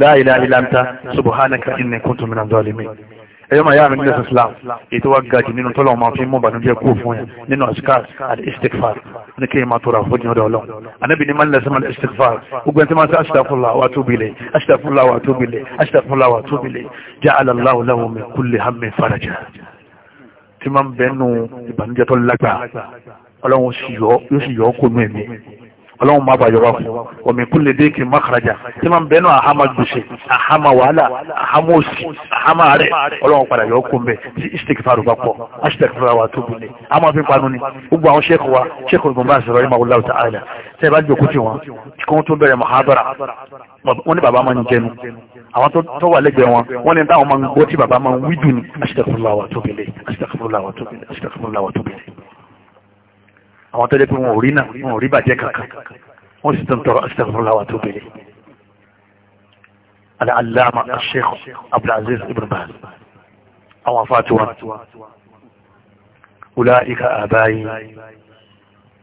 la ilaha illa anta subhanaka inni kuntu minaz zalimin ẹ̀yọ́ màá yára mi nílẹ̀ islam ètò wa ga jù nínú tọ́lọ̀ máa fi mú ìbànújẹ́ kú fún yẹn nínú askar àti istighfar ní kí n máa tọrọ àfojì ọ̀dọ̀ ọlọ́run anábì ní máa ń lẹ̀ sẹ́mọ̀ istighfar gbogbo ẹni máa ń sẹ́ ọlọ́run yóò sì yọ ọkọ̀ nù ẹ̀mí ọlọ́run má bàjọ́ bá fún ọmọ ìkú lè dé kí n má kàrájà tí máa ń bẹ́nu àhámà gbèsè àhámà wàhálà àhámà òsì àhámà rẹ̀ ọlọ́run padà yọ ọkọ̀ mbẹ tí istikfaru bá pọ̀ asitẹ̀kifara wa tóbi ni a máa fi panu ni gbogbo àwọn sẹ́kù wa sẹ́kù ìgbọ̀n bá sọ̀rọ̀ ìmọ̀ wòlá ọ̀tá àyà tẹ́ bá jòkó tí wọn kí tó bẹ̀rẹ̀ muhabara wọ́n ní bàbá máa ń jẹnu àwọn tó wà lẹ́gbẹ̀ẹ́ wọn wọ́n ní táwọn máa ń gbọ́ tí bàbá máa ń wí dùn ní asitẹ̀kifara wa tóbi ni asitẹ̀kifara wa tóbi ni àwọn tó jẹ́ pé wọn ò rí náà wọn ò rí bàjẹ́ kankan wọ́n sì tọ́ntọ́rọ astaghfirullah tó bèèrè aláàlámà Sheikh Abdulaziz ibn Baz àwọn afáàtíwá ulaika àbáyí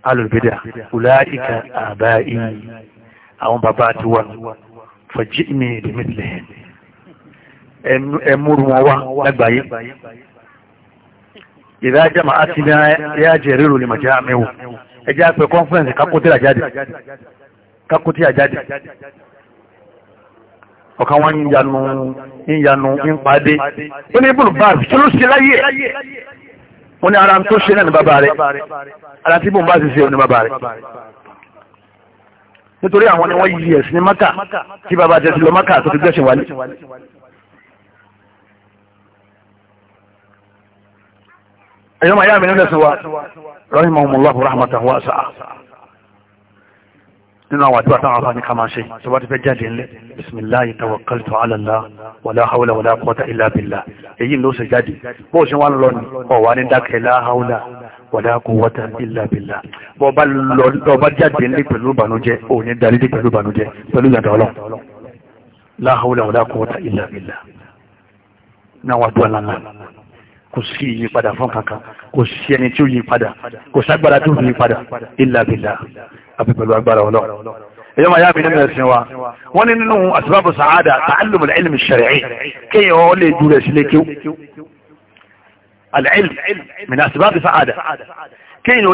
alùbídà ulaika àbáyí àwọn bàbá àtiwá fajini bi mithlihim ẹmúrù wọn wá lágbàáyé ìdá jama àti ní ya jẹ̀rìrò lè màjá mẹ́wò ẹjẹ́ àpẹ conference kakotí àjáde kakotí àjáde ọ̀kan wọn ń yanu ń yanu ń pàdé ó ní ibùdó báàbì tí ó ṣe láyé wọ́n ní ara tó ṣe náà ní bàbá rẹ̀ ara tí ibùdó báàbì ṣe ní bàbá rẹ̀ nítorí àwọn ni wọ́n yí ẹ̀sìn ní maka tí bàbá jẹ́ ti lọ maka tó ti gbẹ̀ṣẹ̀ wálé ẹ̀yọ́ máa yá mi nílẹ̀ sí wa rahimahumullahu rahmatan wasi'a nínú àwọn àdúrà táwọn afáàní ká máa ṣe tó bá ti fẹ́ jáde ńlẹ̀ bisimilayi tawakkaltu ala Allah wàlá haúlà wàlá quwwata illa billah èyí ló ṣe jáde bó ṣe wọ́n lọ ní ọ̀wà ní dákẹ́ la haúlà wàlá quwwata illa billah bó bá jáde ńlẹ̀ pẹ̀lú ìbànújẹ́ ò ní darí dé pẹ̀lú ìbànújẹ́ pẹ̀lú ìyàtọ̀ ọlọ́ kò sí ìyípadà fún kankan kò sí ẹni tí ó yípadà kò ságbára tó fi yípadà illa billah àbí pẹ̀lú agbára ọlọ́run ẹ̀yọ́ máa yábí nínú ẹ̀sìn wa wọ́n ní nínú asbabu sa'ada ta'allum al-ilm ash-shar'i kéèyàn ó lè ju rẹ̀ sílé kíw al-ilm min asbabu sa'ada kéèyàn ó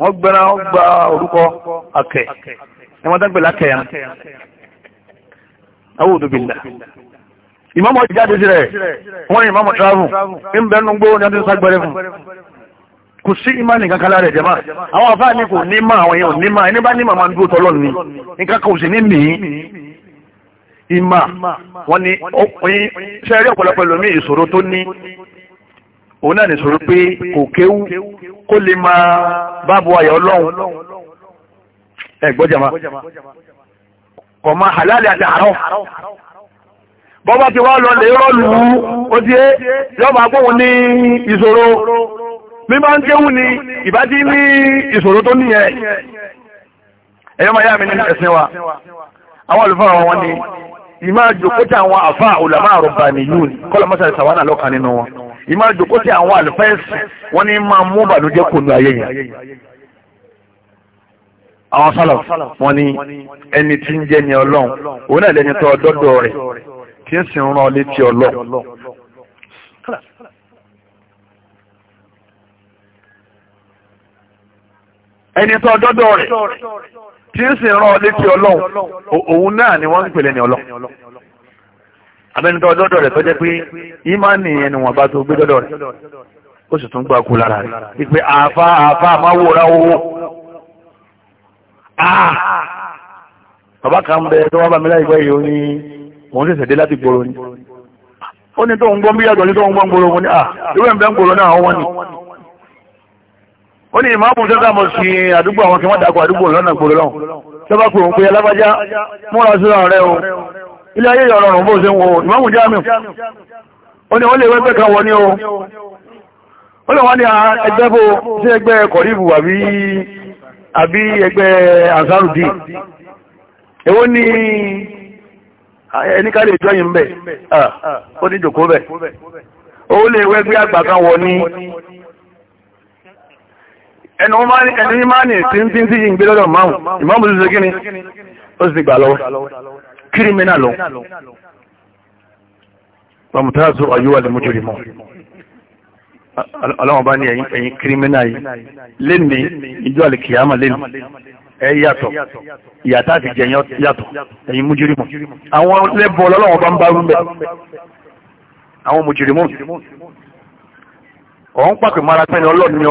wọ́n gbẹ́ra wọ́n gba orúkọ akẹ́ ẹ̀wọ̀n dágbè lákẹ́ yẹn awó òdòbìlà ìmọ̀mọ̀ jáde sí rẹ̀ wọ́n ní ìmọ̀mọ̀ travel ń bẹ́nu gbó ní ọdún ságbẹ́rẹ́ fún kò sí ìmánì kankan lára ẹ̀jẹ̀ máa àwọn afá ní kò ní máa àwọn èèyàn ní ẹni bá ní màmá ń dúró tọ́lọ́ ni nǹkan kan ò sì ní nìyí ìmà wọn ni oyin ṣe ọ̀pọ̀lọpọ̀ lómi ìṣòro tó ní òun náà nìṣòro pé kò kéwú kó lè máa báàbò ayọ̀ ọlọ́run ẹ̀gbọ́jàmá kọ̀ máa halálì àti àárọ̀ bọ́bá ti wá lọ lè rọ́lù ó ti é yọba agbóhun ní ìṣòro mímọ́ ń kéhùn ni ìbájí ní ìṣòro tó níyẹn ẹ̀yọ́ máa yá mi nínú ẹ̀sìn wa àwọn olùfọ́nà wọn ni ìmáàjò kó tí àwọn àfáà ulama rabbaniyyun kọ́lọ̀ mọ́sàlẹ̀ sàwánà lọ́kàn nínú wọn ìmọ̀ àjòkó tí àwọn àlùfẹ́ẹ̀sì wọ́n ní máa mú bànújẹ́ kò ní ayé yẹn àwọn sálàf wọ́n ní ẹni tí ń jẹ́ ni ọlọ́run òun náà lẹ́ni tó ọdọ́dọ̀ rẹ̀ tí ń sì rán létí ọlọ́run ẹni tó ọdọ́dọ̀ rẹ̀ tí ń sì rán létí ọlọ́run òun náà ni wọ́n ń pèlè ní ọlọ́run abẹnitọ́ ọdọ́dọ̀ rẹ̀ tọ́jẹ́ pé ìmánì ẹnu wọn bá tó gbé dọ́dọ̀ rẹ̀ ó sì tún gbà kú lára rẹ̀ ìpè àfá àfá máa wòrá owó bàbá kan bẹ tó wọ́n bá mi láì gbẹ́ yìí ó ní òun sì sẹ̀dé láti gbòòrò ni ó ní tó ń gbọ́n bí yàtọ̀ ní tó ń gbọ́n gbòòrò wọn ni à irú ẹ̀ ń bẹ́ ń gbòòrò náà wọ́n ni ó ní ìmáàmù sẹ́kà mọ̀ o ilé ayé ọ̀rọ̀rùn bó ṣe ń wo ìmáàmù Jamiu ó ní wọ́n lè wẹ́gbẹ́ kan wọ ní o ó lè wọ́n ní ẹgbẹ́ bó sí ẹgbẹ́ kọ̀rífù àbí ẹgbẹ́ ansarudi èwo ni ẹni ká lè jọ yìí ń bẹ̀ ó ní jòkó bẹ̀ ó lè wẹ́gbẹ́ àgbà kan wọ ní ẹni ìmáàni tí ń tí ń sí yìí ń gbé lọ́dọ̀ máàmù ìmáàmù tó kírímínà lọ pàmùtàzù ayúwà lè mójú rímọ̀ ọlọ́wọ́n bá ní ẹ̀yìn kírímínà yìí lẹ́ni ìjọ alìkìyàmà lẹ́ni ẹ yàtọ̀ ìyàtà àti jẹ yàtọ̀ ẹ̀yìn mójú rímọ̀ àwọn lẹ́bọ̀ ọlọ́wọ́n bá ń bá rúmbẹ̀ àwọn mójú rímọ̀ ọ̀hún pàpẹ̀ mara pẹ́ni ọlọ́ni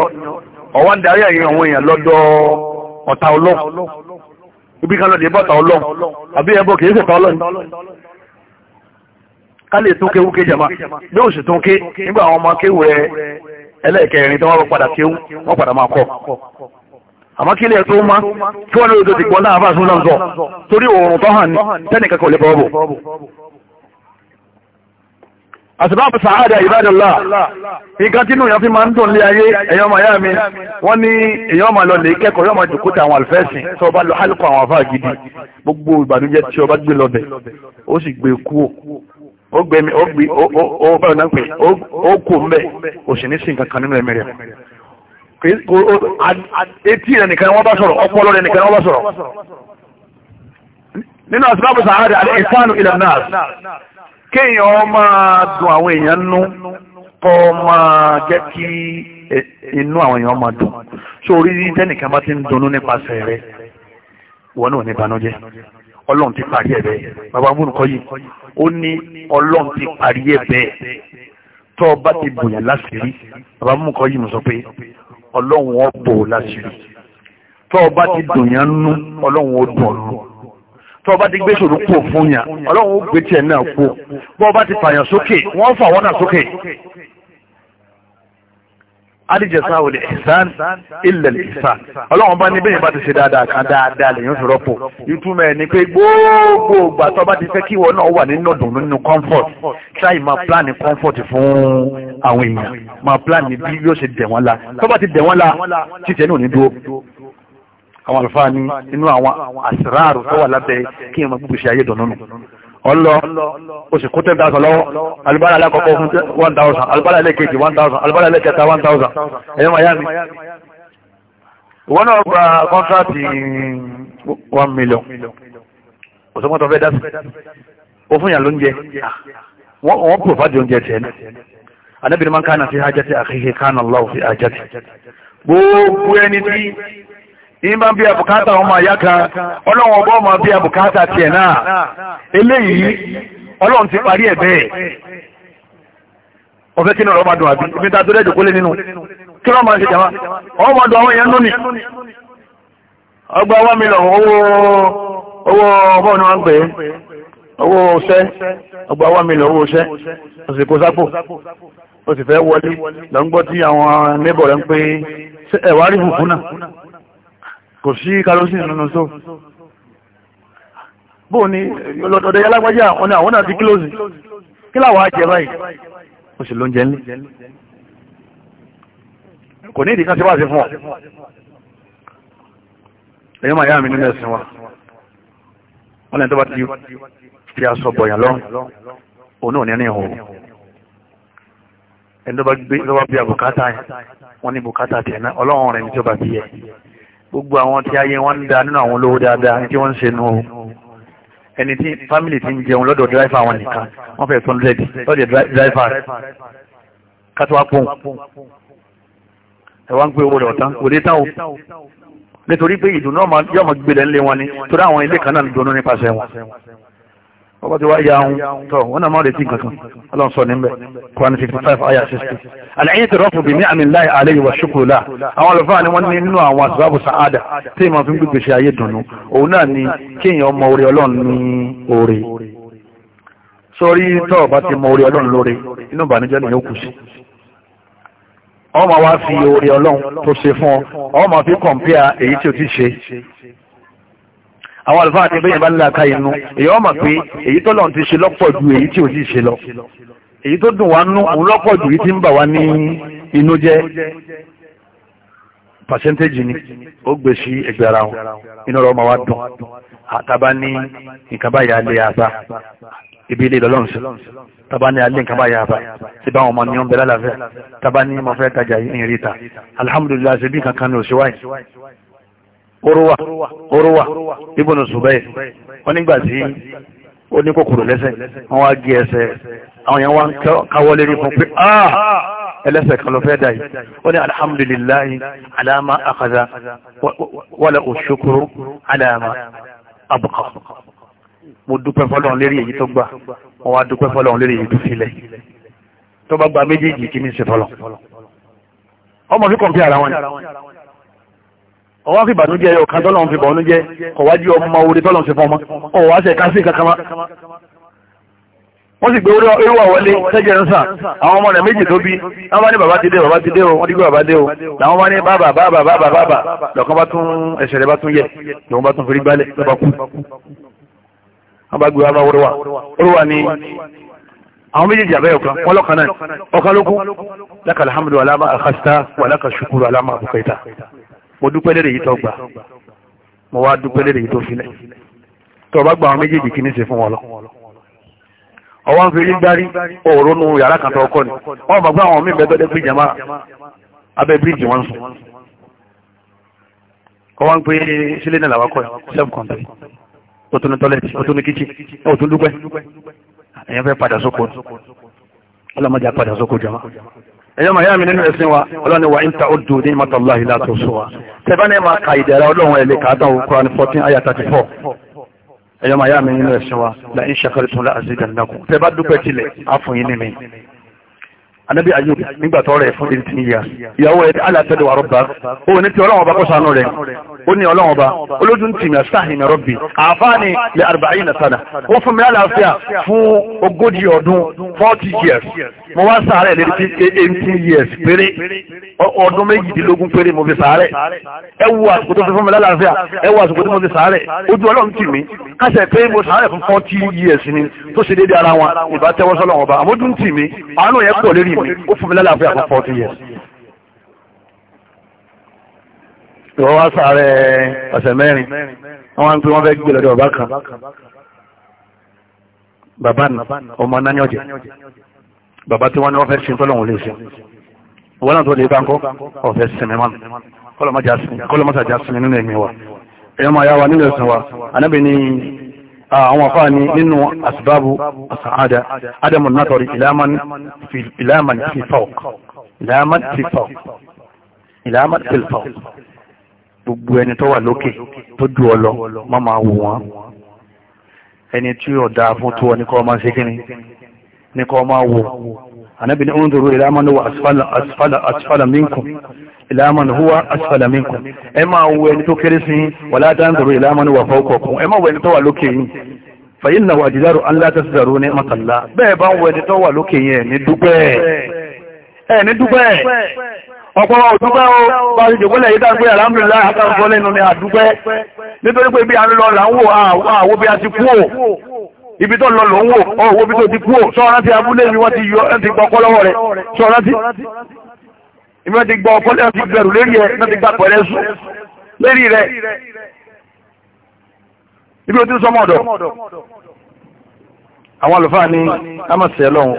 ọwọ́ ń darí àyè àwọn èèyàn lọ́dọ̀ ọ̀tá ọlọ́run ibi kan lọ́dẹ̀ bọ́ta ọlọ́run àbí ẹbọ kìí sẹ̀ta ọlọ́run ká lè tún kéwú kéjàmá bí ó sì tún ké nígbà àwọn ọmọ kéwú rẹ ẹlẹ́ẹ̀kẹrin tí wọ́n padà kéwú wọ́n padà máa kọ́ àmọ́ kí ilé ẹ̀ tó má tí wọ́n lórí tó ti gbọ́ náà bá sún náà sọ torí òòrùn tó ní tẹ́nìkan kò àsìbáàbù sàádà ìbádàlá nǹkan tínú èèyàn fi máa ń dùn lé ayé èèyàn máa yá mi wọ́n ní èèyàn máa lọ lè kẹ́kọ̀ọ́ yóò máa jòkóta àwọn àlùfẹ́sìn tí ọba lọ hálùkọ àwọn àfáà gidi gbogbo ìbànújẹ́ tí ọba gbé lọbẹ̀ ó sì gbé e kú ó gbé mi ó gbé ó bá ọ̀nà pé ó kú mbẹ ó sì ní sí nǹkan kan nínú ẹ̀mí rẹ̀ etí rẹ̀ nìkan wọ́n bá sọ̀rọ̀ ọpọlọ rẹ̀ nìkan wọ́n bá sọ̀rọ̀ nínú àsìbáàbù sàádà kéèyàn máa dùn àwọn èèyàn nú kọ́ máa jẹ́ kí inú àwọn èèyàn máa dùn sórí tẹ́nìkan bá ti ń dunnú nípasẹ̀ rẹ̀ wọn náà ní ìbànújẹ́ ọlọ́run ti parí ẹ̀ bẹ́ẹ̀ bàbá múnukọ́ yìí ó ní ọlọ́run ti parí ẹ̀ bẹ́ẹ̀ tọ́ bá ti bòyàn láṣìírí bàbá múnukọ́ yìí mo sọ pé ọlọ́run ó bò láṣìírí tọ́ bá ti dùn yàn nú ọlọ́run ó dùn ọ̀run tó bá ti gbé ṣòro kú fún yàn ọlọ́run ó gbé tiẹ̀ náà kú bọ́ bá ti fàyàn sókè wọ́n fà wọ́n náà sókè. alìjẹsà ò lè ìsán ilẹ̀ lè ìsán ọlọ́run bá ní bẹ́ẹ̀ bá ti ṣe dáadáa kan dáadáa lèyàn fi rọ́pò ìtumọ̀ ẹ̀ ni pé gbogbo tó bá ti fẹ́ kí ìwọ náà wà nínú ọdún nínú comfort ṣáì máa plan comfort fún àwọn èèyàn máa plan bí yóò ṣe dẹ̀ wọ́n la tó bá ti dẹ̀ wọ́n la títẹ̀ náà ní dúró àwọn àlùfáà ní inú àwọn àṣìráàrù tó wà lábẹ́ kí ẹmọ gbogbo ṣe ayé dọ̀nà ọlọ oṣù kó ten thousand lọ́wọ́ alibara alákọ̀ọ́kọ́ fún one thousand alibara ẹlẹ́kẹ̀ẹ́jì one thousand alibara ẹlẹ́kẹ̀ẹ́ta one thousand ẹ̀yẹ́ náà million sí ó fún yàn lóúnjẹ náà anábìrin máa ń kánà gbogbo ẹni tí yìí bá bí àbùkátà ọmọ àyá kan ọlọ́run ọgbọ́ ọmọ bí àbùkátà tiẹ̀ náà eléyìí ọlọ́run ti parí ẹ̀ ọ̀fẹ́ kí ni ọ̀rọ̀ máa àbí ibi tá a kólé nínú kí ló ṣe jàmá àwọn èèyàn ọgbà owó owó ọgbà kò sí kerosene nínú so bó ni ọ̀dọ̀ yalágbájá ọ̀nà àwọn náà ti kílòsì kí láwọ̀ á jẹ báyìí ó sì ló ń jẹ ńlẹ̀ kò ní ìdíkan tí wà sí fún ọ ẹ̀yọ́ màá yá mi nínú ẹ̀sìn wa wọ́n lẹ́yìn tó bá ti fi aṣọ bọ̀yàn lọ́rùn òun náà ní ẹni ìhòòhò ẹni tó bá gbé tó bí abùkátà yẹn wọ́n ní bùkátà tẹ̀ ọlọ́run rẹ̀ ní tí bá bí yẹ gbogbo àwọn tí ayé wọn ń da nínú àwọn olówó dáadáa tí wọ́n ń ṣe nù o ẹni tí fámìlì ti ń jẹun lọ́dọ̀ dráìfà wọn nìkan wọ́n fẹ́ tó ń rẹ́dì lọ́dọ̀ dráìfà rẹ̀ kátó ń gbé owó rẹ̀ ọ̀tán kò dé tán o nítorí pé ìdùnnú yọ̀mọ̀ gbélé ńlé wọn ni torí àwọn ilé kan náà ń nípasẹ̀ wọn ọba ti wá ya ohun tọ wọn náà má retí nǹkan kan ọlọ́run sọ níbẹ̀ kwan fifty five aya sixty àlàyé ti rọ́pù bí ní àmì láì àlẹ́yìn wà ṣùkú là àwọn àlùfáà ni wọ́n ní nínú àwọn àsìbábù sàádà tí ìmọ̀ fi ń gbígbé ṣe ayé dùnú òun náà ni kéèyàn mọ orí ọlọ́run ní oore sórí tọ́ ọba ti mọ orí ọlọ́run lóore inú ìbànújẹ́ ni yóò kù sí ọmọ wa fi orí ọlọ́run tó ṣe fún ọ ọmọ fi kọ̀ǹpíà èyí tí o ti ṣe àwọn àlùfáà àti bẹ́yìn bá nílà ká inú èyí ọmọ pé èyí tó lọ́n ti ṣe lọ́pọ̀ ju èyí tí ò sì ṣe lọ èyí tó dùn wá nú òun lọ́pọ̀ ju èyí tí ń bà wá ní inú jẹ́ pàṣẹ́ntéjì ni ó gbé sí ẹgbẹ́ ara wọn inú ọ̀rọ̀ ọmọ wa dùn àtàbá ní nǹkan bá yà lé àbá ibi ilé ìlọ́lọ́nsì tàbá ní alé nǹkan bá yà àbá tí bá wọn mọ ní ọmọ bẹ̀rẹ̀ láfẹ́ tàbá ní mọ fẹ́ tajà ìrìta alhamdulillah ṣe bí kankan ní òṣèwáyìí orúwà orúwà ibùnú ṣùgbẹ́ wọ́n nígbà tí ó ní kòkòrò lẹ́sẹ̀ wọ́n wá gé ẹsẹ̀ àwọn èèyàn wá ń káwọ́ lérí fún pé ah ẹlẹ́sẹ̀ kan ló fẹ́ dà yìí ó ní alhamdulillahi alama akaza wala òṣùkúrú alama abuka mo dúpẹ́ fọ́lọ́run lérí èyí tó gbà wọ́n wá dúpẹ́ fọ́lọ́run lérí èyí tó filẹ̀ tó bá gba méjèèjì kí ní ṣe fọ́lọ́ ọmọ fi kọ̀ǹpí ara wọn ni ọwá fi ìbànújẹ́ ẹyọ kan tọ́lọ̀ ń fi bànújẹ́ ọ̀wájú ọmọ orí tọ́lọ̀ ń fi fọmọ ọ̀wá ṣe ká sí kankan wọ́n sì gbé orí ìwà wọlé tẹ́jẹ̀ ń sàn àwọn ọmọ rẹ̀ méjì tó bí wọ́n bá ní bàbá ti dé bàbá ti dé o wọ́n dígbé bàbá dé o làwọn bá ní bàbá bàbá bàbá bàbá lọ́kàn bá tún ẹsẹ̀ rẹ̀ bá tún yẹ lòun bá tún fi rí gbálẹ̀ lọ́ba kú wọ́n bá gbé wa bá wọ́rọ́wà wọ́rọ́wà ni àwọn méjèèjì àbẹ́ ọ̀kan wọ́n lọ́kàn náà ọ̀kan lókun lákàlhamdu alama alhasta wà lákàṣukuru alama abukaita mo dúpẹ́ lérè yìí tó gbà mo wá dúpẹ́ lérè yìí tó filẹ̀ tó bá gba àwọn méjèèjì kí ní ṣe fún wọn lọ ọwọ́ ń fi rí gbárí òòrùn nu yàrá kan tó ọkọ ni wọ́n bàgbá àwọn míì bẹ́ẹ̀ tọ́jú jama abẹ́ bíríìjì wọn sùn ọwọ́ ń pè é sílé náà làwọn kọ́ self ẹ̀yọ́ màá yá mi nínú ẹ̀sìn wa ọlọ́ni wa ìta odò ní ìmọ̀tàláhì láti oṣù wa tẹ́bánà ẹ̀ máa ka ìdẹ̀ra ọlọ́run ẹ̀lẹ́ kàádọ́ Quran 14 ayat 34 ẹ̀yọ́ màá yá mi nínú ẹ̀sìn wa la in shakartum la azidannakum tẹ́bá dúpẹ́ tilẹ̀ á ní mi anabi ayub nígbà tó rẹ̀ fún eighteen years ìyàwó ẹ̀ alátẹ́lẹ̀ wà rọ́bà ó ní ti ọlọ́wọ́n bá kó sànú rẹ̀ ó ní ọlọ́wọ́n bá olójú ń tìmí àṣàhìn rọ́bì àfáàní lè àrùbáyé nà sànà wọ́n fún mi àlàáfíà fún ogójì ọdún forty years mo wá sàárẹ̀ lè ti eighteen years péré ọdún méjìdínlógún péré mo fi sàárẹ̀ ẹ wù àsìkò tó fi fún mi àlàáfíà ẹ wù àsìkò tó mo fi sàárẹ̀ ojú ọlọ́run tì mí kásẹ̀ pé mo sàárẹ̀ fún forty years ni tó ṣe déédéé ara wọn ìbá tẹ́wọ́ sọ́lọ́ wọn bá àmọ́ dún tì mí àánú yẹn pọ̀ lérí mi ó fún mi lálàáfíà fún forty years. ìwọ wá sàárẹ̀ ọ̀sẹ̀ mẹ́rin wọ́n wá ń pè wọ́n fẹ́ gbé lọ́dọ̀ bàbá kan bàbá ọmọ náà ní ọ̀jẹ̀ bàbá tí wọ́n ní wọ́n fẹ́ sin tọ́lọ́hún lè sin wọ́n náà tó lè bá ń kọ́ ọ̀fẹ́ sinmi mọ́nà kọ́lọ́mọ́sà já sinmi nínú ẹ̀mí wa ẹ̀yọ́ máa yáwa nílẹ̀ ẹ̀sìn wa anábì ni àwọn afá ni nínú asbabu asàádà adamu natori ilaman fi fawq ilaman fi fawq ilaman fi fawq gbogbo ẹni tó wà lókè tó ju ọ lọ má máa wò wọ́n ẹni tí ọ̀dà fún tó ọ ní kọ́ máa ṣe kíni ní kọ́ máa wò Ànábì ní oúnjẹ ila man huwa asfala minkum ila man huwa asfala minkum ẹ máa wo ẹni tó kéré sí wala tanzuru ila man huwa fawqakum ẹ máa wo ẹni tó wà lókè yìí fa innahu ajdaru an la tasdaru ni'matallah bẹ́ẹ̀ bá ń wo ẹni tó wà lókè yìí ní dúpẹ́ ẹ̀ ní dúpẹ́ ọ̀pọ̀ òdúpẹ́ o bá ti jòkólẹ̀ yìí dágbé alhamdulillah àtàkùn fọ́lẹ́nu ni àdúpẹ́ nítorí pé bí a ń lọ là ń wò àwọ́ bí a ti kú ò ibi tó lọ lò ń wò ọwọ́ bí tó ti kú ò sọ́ọ́rán ti abúlé mi wọ́n ti yọ ẹ́ ti gbọ́ ọkọ́ lọ́wọ́ rẹ̀ sọ́ọ́rán ti ìmọ̀ ti gbọ́ ọkọ́ lẹ́yìn ti bẹ̀rù lérí ẹ̀ náà ti gbà pẹ̀lẹ́ sùn lérí rẹ̀ ibi ó ti sọmọ ọ̀dọ̀ àwọn àlùfáà ni a máa sẹ̀ lọ́hùn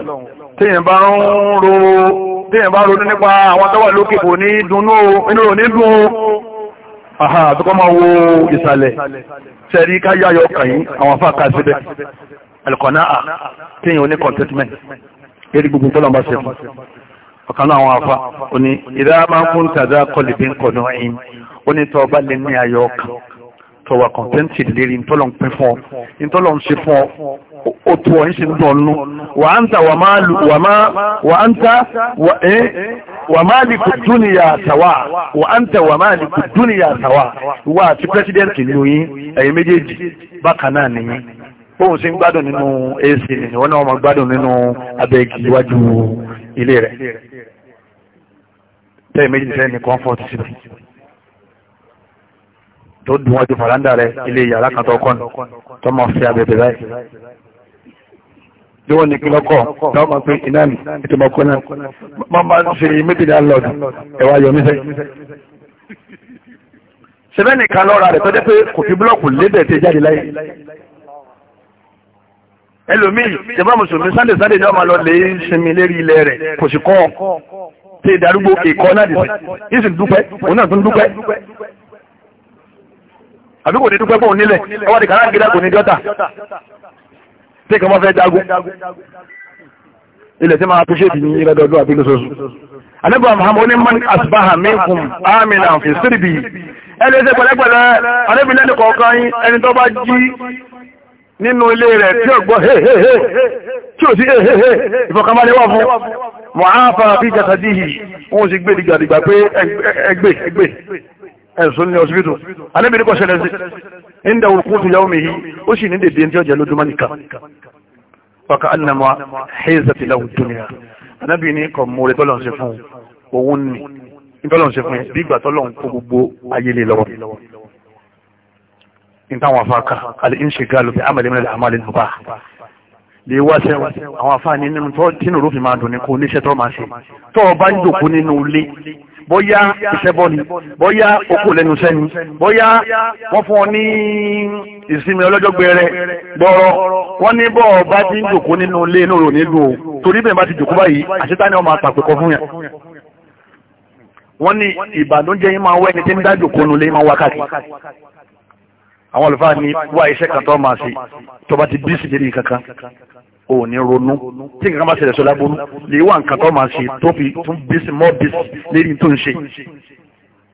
téèyàn bá ń ro nípa àwọn tó lókè kò ní dunnú àhà àtúkọ́ máa wo ìsàlẹ̀ tẹ́rí káyáyọ kàyín àwọn afá ká síbẹ̀ alìkọ̀nà à tíyàn oní contentment eré gbogbo tó lọ́mbà sẹ́fún ọ̀kanú àwọn afá oní ìdá máa ń fún tàdá kọlìbí ń kọ̀nà ẹ̀yìn onítọ̀ bá lè ní ayọ̀ kan tọwà kọ̀ǹtẹ́ǹtì lérí ntọ́lọ̀ ń pín fún ọ ntọ́lọ̀ ń ṣe fún ọ ó tó ọ ń ṣe dùn ọ̀nù wà á ń ta wà máa lù wà máa wà á ń ta wà máa lè kò dúnìyà àtàwà wà á ń ta wà máa lè kò dúnìyà àtàwà wà àti pírẹsidẹ́ǹtì nínú yín ẹ̀yin méjèèjì bákan náà nìyí bóun ṣe ń gbádùn nínú ac ìwọ́n náà máa gbádùn nínú abẹ́gi iwájú ilé rẹ̀ tẹ́ẹ̀ méjì sẹ́ni comfort síbi tó dùn wọ́n ju fàrándà rẹ ilé yàrá kan tọkọ nù tó máa fi abẹ̀bẹ̀ báyìí bí wọ́n ní kí lọ́kọ̀ tó máa pín iná mi ètò ọkọ̀ náà máa máa ń ṣe méjìlá lọ́dún ẹ̀wà yọmísẹ́ ṣẹlẹ́ nìkan lọ́ra rẹ̀ tó jẹ́ pé kò fi búlọ́ọ̀kù lébẹ̀ tẹ jáde láyé ẹlòmíì jẹba mùsùlùmí sunday sunday ní ọmọ lọ lè sinmi lérí ilẹ̀ rẹ̀ kò sì kọ́ tí ìdarúgbó ìkọ́ náà dìbò yìí sì dúpẹ́ òun náà tún dúpẹ́ àbí kò ní dúpẹ́ fún onílẹ̀ ọwọ́ di kàrá gíga kò ní jọ́ta tí kò mọ́ fẹ́ jagun ilẹ̀ tí máa tó ṣe ti ní ìrẹ́dọ̀dọ̀ àbí lóṣooṣù anẹ́bà muhammad ní man asbaha minkum amin àfi sírìbì ẹni pẹ̀lẹ́pẹ̀lẹ́ anẹ́bìnrin kọ̀ọ̀kan ẹni tó bá jí ẹ̀sùn ní ọsibítù alẹ́bìnrin kọ́ ṣẹlẹ̀ sí ẹ̀ńdà òkútu yàwó mi yìí ó sì ní dèdè tí ọjà lójúmọ́ nìkan wàkà ànàmọ́ ẹ̀ẹ́sàtì láwùjọ dúnìyà anábì ní kọ̀ mú rẹ̀ tọ́lọ̀ ń ṣe fún òun ni ìtọ́lọ̀ ń ṣe fún yẹn bí ìgbà tọ́lọ̀ ń kó gbogbo ayé lè lọ́wọ́ ìtàwọn afáàkà alẹ́ ń ṣe bí amàlẹ́ mẹ́lẹ́ àmàlẹ́ nùbà lè wá sẹ́wọ̀n àwọn afáàní nínú tínú rúfin máa dùn ní kó oníṣẹ́ tó máa ṣe tó o bá ń jòkó nínú ilé bóyá ìṣẹ́bọ ni bóyá okò lẹ́nu sẹ́ni bóyá wọ́n fún ọ ní ìsinmi ọlọ́jọ́ gbẹrẹ gbọ́rọ̀ wọ́n ní bọ́ bá ti ń jòkó nínú ilé inú rò nílùú o torí bẹ́ẹ̀ bá ti jòkó báyìí àṣetá ni wọ́n máa pàpẹ́kọ fún yàn wọ́n ní ìbànújẹ́ yín máa wẹ́ ni tí ń dá jòkó nulé máa wákàtí àwọn àlùfáà ní wá iṣẹ́ kan tó máa ṣe tó bá ti bí sì ò ní ronú tí nǹkan bá ṣẹlẹ̀ sọ lábónú lè wà nǹkan tó máa ṣe tó fi tún bísí mọ́ bísí lérí tó ń ṣe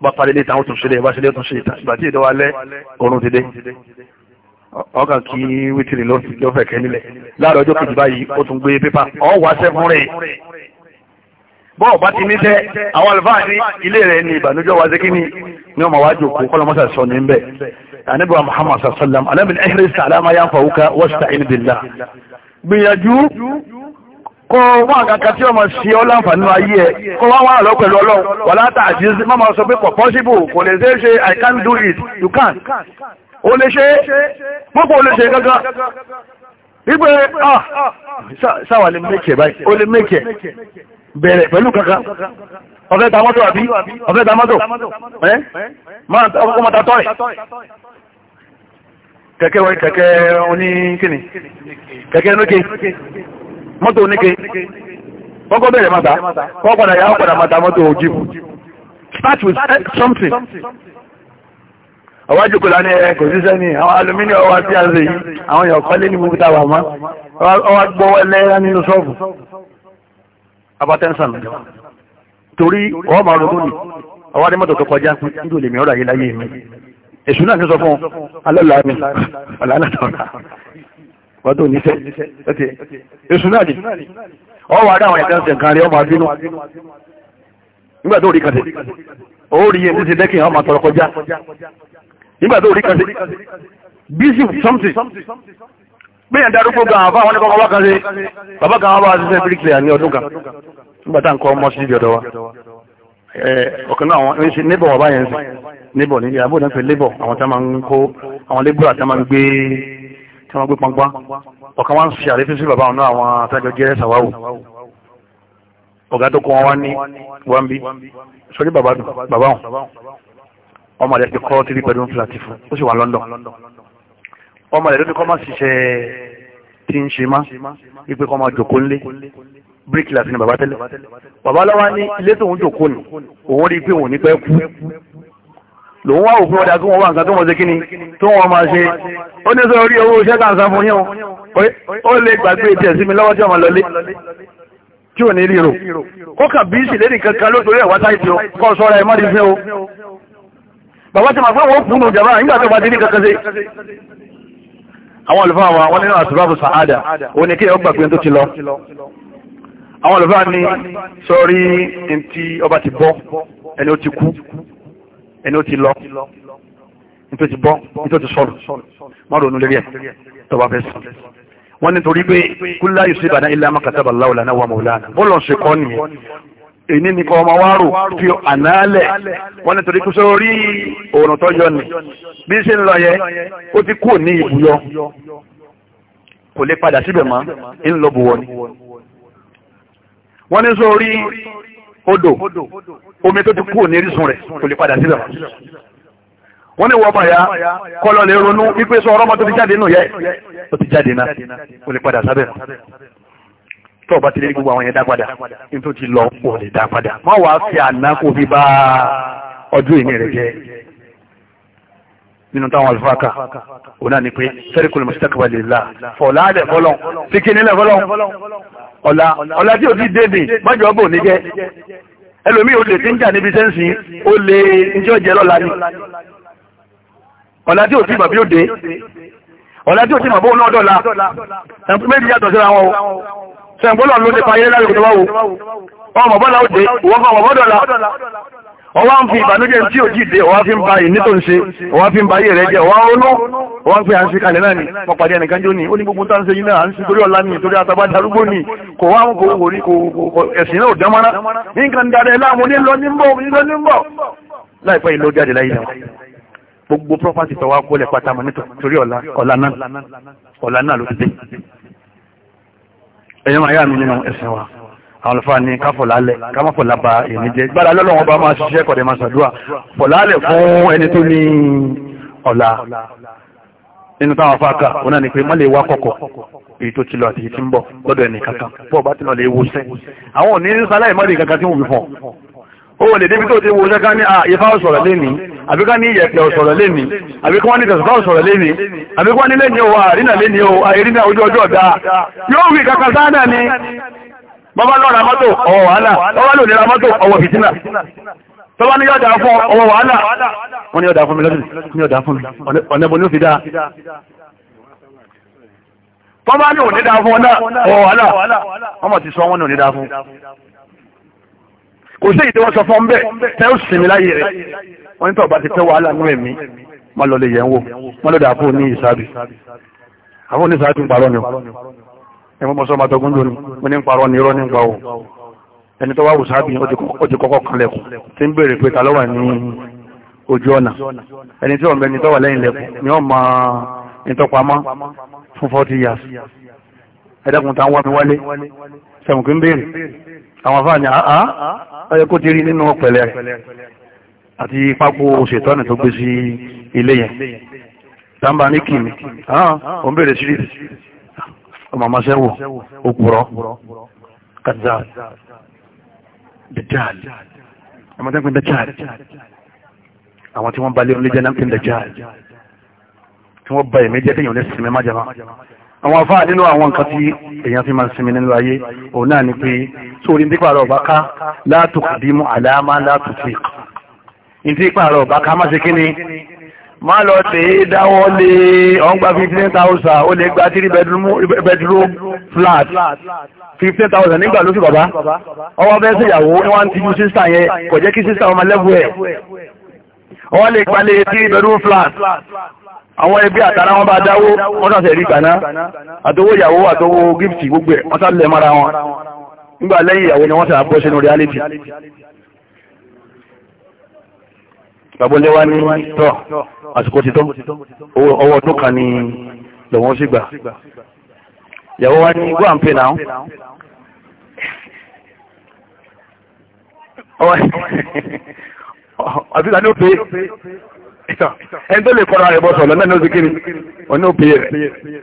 bá parí lé tàwọn tún ṣẹlẹ̀ bá ṣẹlẹ̀ tún ṣe ìgbà tí ìdọ́wà lẹ́ oorun ti dé ọkàn kí wítìrì ló fẹ̀ kẹ́ nílẹ̀ láàárọ̀ ọjọ́ kejì báyìí ó tún gbé pépà ọ̀ wá sẹ́fún rẹ̀ bọ́ọ̀ bá ti ní tẹ́ àwọn àlùfáà ní ilé rẹ̀ ní ìbànújọ́ wa ṣe kí ni ní ọmọ wa jòkó kọ́lọ́mọ́sà sọ ní bẹ́ẹ̀ ànábì wa Muhammad sallam alábìnrin ẹ̀hìrì sàlámà yá ń fa òkà gbìyànjú kọ wọ́n àkàkà tí ọmọ sí ọ láǹfààní ayé ẹ kọ wọ́n wọ́n àlọ́ pẹ̀lú ọlọ́run wà látàájí mọ́mọ́ sọ pé kò possible kò lè ṣe é ṣe i can't do it you can o lè ṣe púpọ̀ o lè ṣe gángan wípé ah sáwà lè mẹ́kẹ̀ báyìí o lè mẹ́kẹ̀ bẹ̀rẹ̀ pẹ̀lú kankan ọ̀fẹ́ ta mọ́tò àbí ọ̀fẹ́ ta mọ́tò ẹ́ máa ta ọkọ̀ kẹ̀kẹ́ wọ́n kẹ̀kẹ́ oníkìní kẹ̀kẹ́ oníke mọ́tò oníke kọ́kọ́ bẹ̀rẹ̀ mata kọ́ padà yà padà mata mọ́tò òjìbù start with something ọwájú kò láni ẹ kò síṣẹ́ ní àwọn alumini ọwá tí a yìí àwọn èèyàn kọ́lé ní mú tàwà mọ́ ọwá gbọ́wọ́ lẹ́yà nínú ṣọ́ọ̀bù abatẹ́nsàn torí ọwọ́ màá ronú ni ọwá ní mọ́tò tó kọjá pín lèmi ọ̀rọ̀ ayé láyé mi èṣù náà ní sọ fún alẹ́lá mi alánàtọ̀ọ̀nà wọ́n tó níṣẹ́ ẹ̀tẹ́ èṣù náà ni ọwọ́ adáwọn ẹ̀kẹ́ ṣe nǹkan rí ọmọ abínú nígbà tó rí kan sí ó rí ẹni sí dẹ́kìn ọmọ àtọ̀rọ̀ kọjá nígbà tó rí kan sí bísí something gbéyàn darúgbó gan àbá àwọn ẹ̀kọ́ bàbá kan sí bàbá kan wá bá ṣiṣẹ́ bíríkìlẹ̀ ní ọdún kan nígbà tá à ń kọ́ ọmọ sí ìdí Eh, ọ̀kan náà àwọn ẹ̀ṣẹ́ níbọ̀ wà báyẹn sí níbọ̀ nílé àbúrò náà fẹ́ lébọ̀ àwọn tá máa ń kó àwọn lébọ̀ àti máa ń gbé tí wọ́n gbé pọnpá ọ̀kan wọ́n ń ṣe àrífín sí bàbá náà àwọn àtàjọ jẹ́ sàwáwò ọ̀gá tó kọ́ wọn wá ní wọ́n bí sọ́jú bàbá wọn ọmọ rẹ̀ ti kọ́ tírí pẹ̀lú fìlàtì fún ó sì wà London ọmọ rẹ̀ bíríkìlà sí ni bàbá tẹ́lẹ̀ bàbá lọ́wọ́ ní ilé tóun jòkó ni òun rí i pé òun ní pẹ́ kú lòun wá òfin ọ̀dà tó wọ́n wá nǹkan tó wọ́n ṣe kí ni tó wọ́n máa ṣe ó ní sọ orí owó iṣẹ́ kàǹsán fún yín ó lè gbàgbé ìtẹ̀ sí mi lọ́wọ́ tí ọmọ lọlé tí ò ní ríro ó kà bí ìṣẹ̀lẹ̀ nìkan kan lóṣòrí ẹ̀wá táìtì ó kọ́ sọ́ra ẹ̀ mọ́rin fẹ́ o bàbá ti máa fẹ́ wọ́n fún jàmbá nígbà tó bá ti ní kankan ṣe àwọn olùfọ́ àwọn nínú àtúbàbù sàádà òun ni kí ẹ ó gbàgbé tó ti lọ àwọn olùfẹ́ ni sọ́rí ntí ọba ti bọ́ ẹni ó ti kú ẹni ó ti lọ nítorí ti bọ́ nítorí ti sọ̀rọ̀ má ronú lérí ẹ̀ tọba fẹ́ sọ wọ́n nítorí pé kúlá yusibana illa ma kataba Allahu lana wa maulana bọ́ọ̀lù ṣe kọ́ nìyẹn èyí ni kọ́ ọmọ wárò fi ànálẹ̀ wọ́n nítorí kú sórí òòrùn tó yọ ni bí ṣe ń lọ yẹ ó ti kú ní ibùyọ kò lè padà síbẹ̀ mọ́ ń lọ bùwọ́ ni wọ́n ní sọ orí odò omi tó ti kú ní orísun rẹ̀ kò lè padà síbẹ̀ wọ́n ní wọ́pọ̀ ya kọ́lọ̀ lè ronú wípé sọ ọ̀rọ̀ ọmọ tó ti jáde nù yẹ ó ti jáde náà kò lè padà sábẹ̀ tó bá ti lé gbogbo àwọn yẹn dá padà ní tó ti lọ kò lè dá padà má wàá fi àná kò fi bá ọdún ìní rẹ̀ jẹ́ nínú táwọn alifaka òun náà ni pé sẹ́ríkùlù mọ̀sítàkùbà lè la fọ̀lá ọ̀la ọ̀la tí o ti dédè mọ́jọ́ bò ní jẹ́ ẹlòmí o lè ti ń jà níbi sẹ́ǹsì o lè njẹ́ ọ̀jẹ́ lọ́la ni ọ̀la tí o ti bàbí òde ọ̀la tí o ti màbó náà dọ̀la ẹ̀ǹkú méjì yàtọ̀ síra wọn o sẹ̀ǹgbọ́lọ̀ ló lè fa ayé lálẹ́ òkúta wá o ọmọ bọ́lá òde ìwọ́n kọ́ ọmọ bọ́dọ̀la ọwá ń fi ìbànújẹ́ tí ò jíde ọwá fi ń ba ìní tó ń ṣe ọwá fi ń ba ayé rẹ̀ jẹ́ ọwá ó lọ ọwá ń pè à kalẹ̀ náà ni wọ́n pàdé ẹnìkan jó ni ó ní gbogbo tá ń ṣe yìí náà à ń torí ọ̀la ni torí àtàbá darúgbó ni kò wá kò wò ní kò ẹ̀sìn náà ò dán mọ́ra ní nǹkan dára ẹ̀ láàmú ní lọ ní bọ̀ ní lọ ní bọ̀ láìpẹ́ ìlú jáde láyé náà gbogbo property tó wá kólẹ̀ pátámọ́ nítorí ọ̀la ọ̀la náà àwọn olùfà ní káfọ̀lálẹ̀ kámọ́fọ̀lá ba èmi jẹ́ gbára lọ́lọ́wọ́n bá máa ṣiṣẹ́ kọ̀dẹ̀ máa ṣàdúrà fọ̀lálẹ̀ fún ẹni tó ní ọ̀la nínú táwọn afáàkà wọn náà ni pé má lè wá kọ̀kọ̀ èyí tó ti lọ àti èyí tí ń bọ̀ lọ́dọ̀ ẹnì kankan bọ́ bá ti lọ lè wọṣẹ́ àwọn òní sáláì mọ́rin kankan tí wọ́n fi fọ̀ ó wọlé débi tó ti wọṣẹ́ ká ní ah, ifá ọ̀sọ̀rọ̀ lẹ́ni àbí ní ìyẹ̀pẹ̀ ọ̀sọ̀rọ̀ lẹ́ni àbí wọ́n ní tẹ̀sùká ọ̀sọ̀rọ̀ lẹ́ni àbí wọ́n ní lẹ́ni o àrínà lẹ́ni o ọjọ́ ọ̀dá yóò wí kankan sáádà ni bọ́bá lọ́ra mọ́tò ọwọ́ wàhálà bọ́bá lò nira mọ́tò ọwọ́ fìtínà tọ́bá ní yọ́dá fún ọwọ́ wàhálà wọ́n ní yọ́dá fún mi lọ́dún ní yọ́dá fún mi ọ̀nẹ́bọn ní ó fi dáa tọ́bá ní òní dáa fún ọ̀nà ọwọ́ wàhálà ọmọ ti sọ wọ́n ní òní dáa fún kò sí ìdí wọ́n sọ fún ọmọ bẹ́ẹ̀ tẹ́ ó sinmi láyé rẹ̀ wọ́n ní tọ́ba ti tẹ́ wàhálà nú ẹ̀mí má lọ lè yẹ̀ ẹmọ́ mọ́sọ́ máa tọgún lónìí ó ní ń ní irọ́ ní o ẹni tó wá wùsáàbì ó ti kọ́kọ́ kanlẹ̀kùn tí ń béèrè pé ta ló wà ní ojú ọ̀nà ẹni tí ọ̀mẹ́ni tó wà lẹ́yìn lẹ́kùn ni ó máa ìtọ́pamọ́ fún 40 years ẹ̀dẹ́kùn tán wá mi wálé sẹ̀mùkú ń béèrè àwọn afáà ni àá ọyẹ kó ti rí nínú pẹ̀lẹ́ rẹ̀ àti pápó òṣètọ́nì tó gbé sí ilé yẹn tàbí ní kìmí àá òun béèrè síríìsì ọmọ ọmọṣẹ́wò òpùrọ́ kàdà dẹ̀jáàlì ọmọdékùn dẹ̀jáàlì àwọn tí wọ́n bá lé oníjẹ́ náà ń dẹ̀jáàlì tí wọ́n bá ẹ̀mí jẹ́ kéèyàn lè sinmi má jama àwọn afá nínú àwọn nǹkan tí èèyàn fi máa ń sinmi nínú ayé òun náà ni pé sórí nípa àrọ̀ ọ̀bá ká látòkùdímù àlàámá látòkùdímù ìdí ìpààrọ̀ ọ̀bá ká má ṣe kí ni má lọ tèé dáwọ́ lé ọgbà 15,000 ó lè gba 3 bedroom flat 15,000 nígbà ló fi bàbá ọwọ́ bẹ́ẹ̀ sí ìyàwó ní wọ́n ti ju sísà yẹn kò jẹ́ kí sísà ọmọ lẹ́bù ẹ̀ ọwọ́ lè gbalé 3 bedroom flat àwọn ẹbí àtàrà wọn bá dáwó wọ́n sàṣẹ̀ rí kàná àtowó ìyàwó àtowó gíftì gbogbo ẹ̀ wọ́n sá lẹ̀ mara wọn nígbà lẹ́yìn ìyàwó ni wọ́n sàbọ̀ sínú reality Babọ́lé wa ní tọ́ àsìkò ti tó ọwọ́ ọdún kan ni lọ́wọ́ sí gbà ìyàwó wa ní go and pay now àti ìdáni ó pé ẹni tó lè kọ́ra rẹ̀ bọ́sọ̀ lọ́nà ní ó sì kiri wọ́n ní ó pè rẹ̀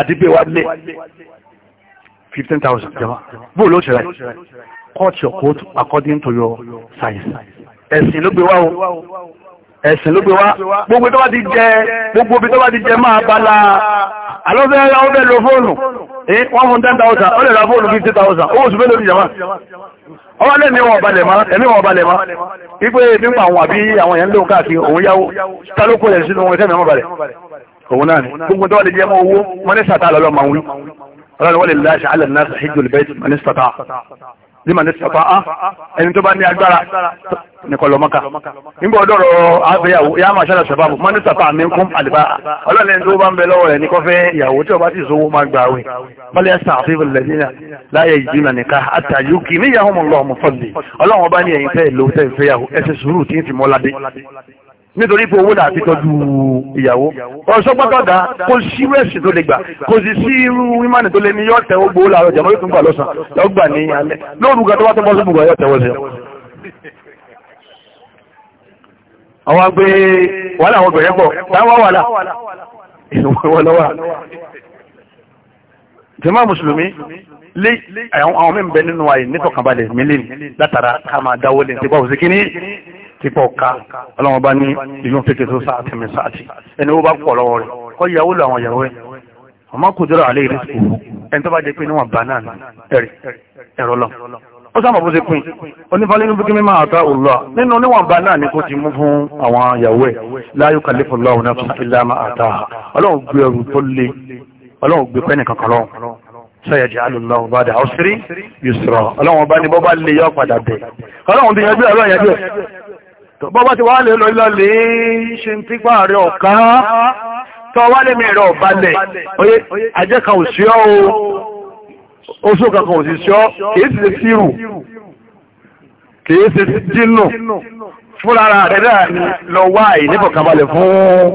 àti pé wá lé 15,000 jẹba bóò ló ṣẹlẹ̀ cut your according to your size ẹ̀sìn ló gbé wá ẹ̀sìn ló gbé wá gbogbo tó bá ti jẹ gbogbo bí tó bá ti jẹ máa bala alọ́fẹ́ ọbẹ̀ lo fóònù wọ́n fún 10,000 ó lè ra fóònù 50,000 owó oṣù mélòó ìjọba ọwọ́ lẹ́mí wọn balẹ̀ má ẹ̀mí wọn balẹ̀ má wípé ẹ̀mí pa àwọn àbí àwọn èèyàn lóun káàkiri òun yáwó tálókò rẹ̀ sínú ohun ìtẹ́mẹ̀mọ́ balẹ̀ ni gbogbo tó wà lè jẹ́ mọ́ owó mọ́nísàtà lọ́lọ́ máa ń wí ọlọ́run wọ́n lè liman ṣàfáà ah, ẹni tó bá ní agbára nìkọlọmọ́ka nígbà ọdọ́rọ̀ abẹ́yàwó ya máa ṣára ṣàbábù mọ́ ní ṣàfáà mi ń kún àlìbá ọlọ́lẹ̀ tó bá ń bẹ lọ́wọ́ rẹ̀ ní kọfẹ́ ìyàwó tí ó bá ti sówó máa gbà wẹ̀ bọ́lẹ̀ ṣàfihàn lẹ́dínà láyé ìdínà nìka àtàyùkì níyàwó mọ̀ lọ́wọ́ bá ní ẹ̀yìn tẹ́ ìlú tẹ́ ìfẹ́yàwó ẹ̀ṣẹ̀ nítorí pé owó là ti tọ́jú ìyàwó ọ̀ṣọ́ pátọ́dá kò sí rẹ̀sì tó lè gbà kò sì sí irú wímánì tó lè ní yọ́ tẹ̀wọ́ gbowó làárọ̀ jẹ̀mọ́ yóò tún gbà lọ́sàn yóò gbà ní alẹ́ lóòrù gan tó bá tó bọ́ sóbùgbà yóò tẹ̀wọ́ sí. àwọn agbé wàhálà àwọn gbẹ̀yẹ́ pọ̀ táwọn wàhálà ìwọ̀n lọ́wọ́ jàmá mùsùlùmí lé àwọn mẹ́mbẹ́ nínú àyè nítọ̀kànbalẹ̀ mílíọ̀nù látara ká máa dáwọ́ lè kíkọ́ ká ọlọ́wọ́n bá ní ìlú fẹ́kẹ́ tó sáàtì mi sáàtì ẹni ó bá pọ̀ lọ́wọ́ rẹ̀ kọ́ ìyàwó lọ àwọn ìyàwó ẹ̀ ọmọ kò dúró àlẹ́ ìrísí òwò ẹni tó bá jẹ́ pé níwọ̀n bá náà ẹ̀rì ẹ̀rọ lọ ó sábà bó ṣe pín onífàlẹ́ níbi kí mímọ́ àtà òlò nínú níwọ̀n bá náà ni kò ti mú fún àwọn ìyàwó ẹ̀ la yukallifu Allahu nafsan illa ma ataha ọlọ́run gbé ẹrù tó le ọlọ́run gbé pẹ́ẹ́nì kankan lọ́wọ́ sayaj'alu Allahu ba'da yusra ọlọ́run bá ní bọ́ bá lè yọ padà bẹ̀ ọlọ́run ti yanjú ọlọ́run yanjú ẹ̀ bọ́bá ti wá lè lọ ilọ́lẹ̀ ṣe ń pípa rẹ̀ ọ̀ká tọ́ wá lè mẹ́rẹ̀ ọ̀balẹ̀ oyé ajẹ́ka òṣìọ́ o oṣù kankan òṣìṣọ́ kìí ṣe sírù kìí ṣe jínù fúnra rẹ̀ náà lọ wá ìníbọ̀kabalẹ̀ fún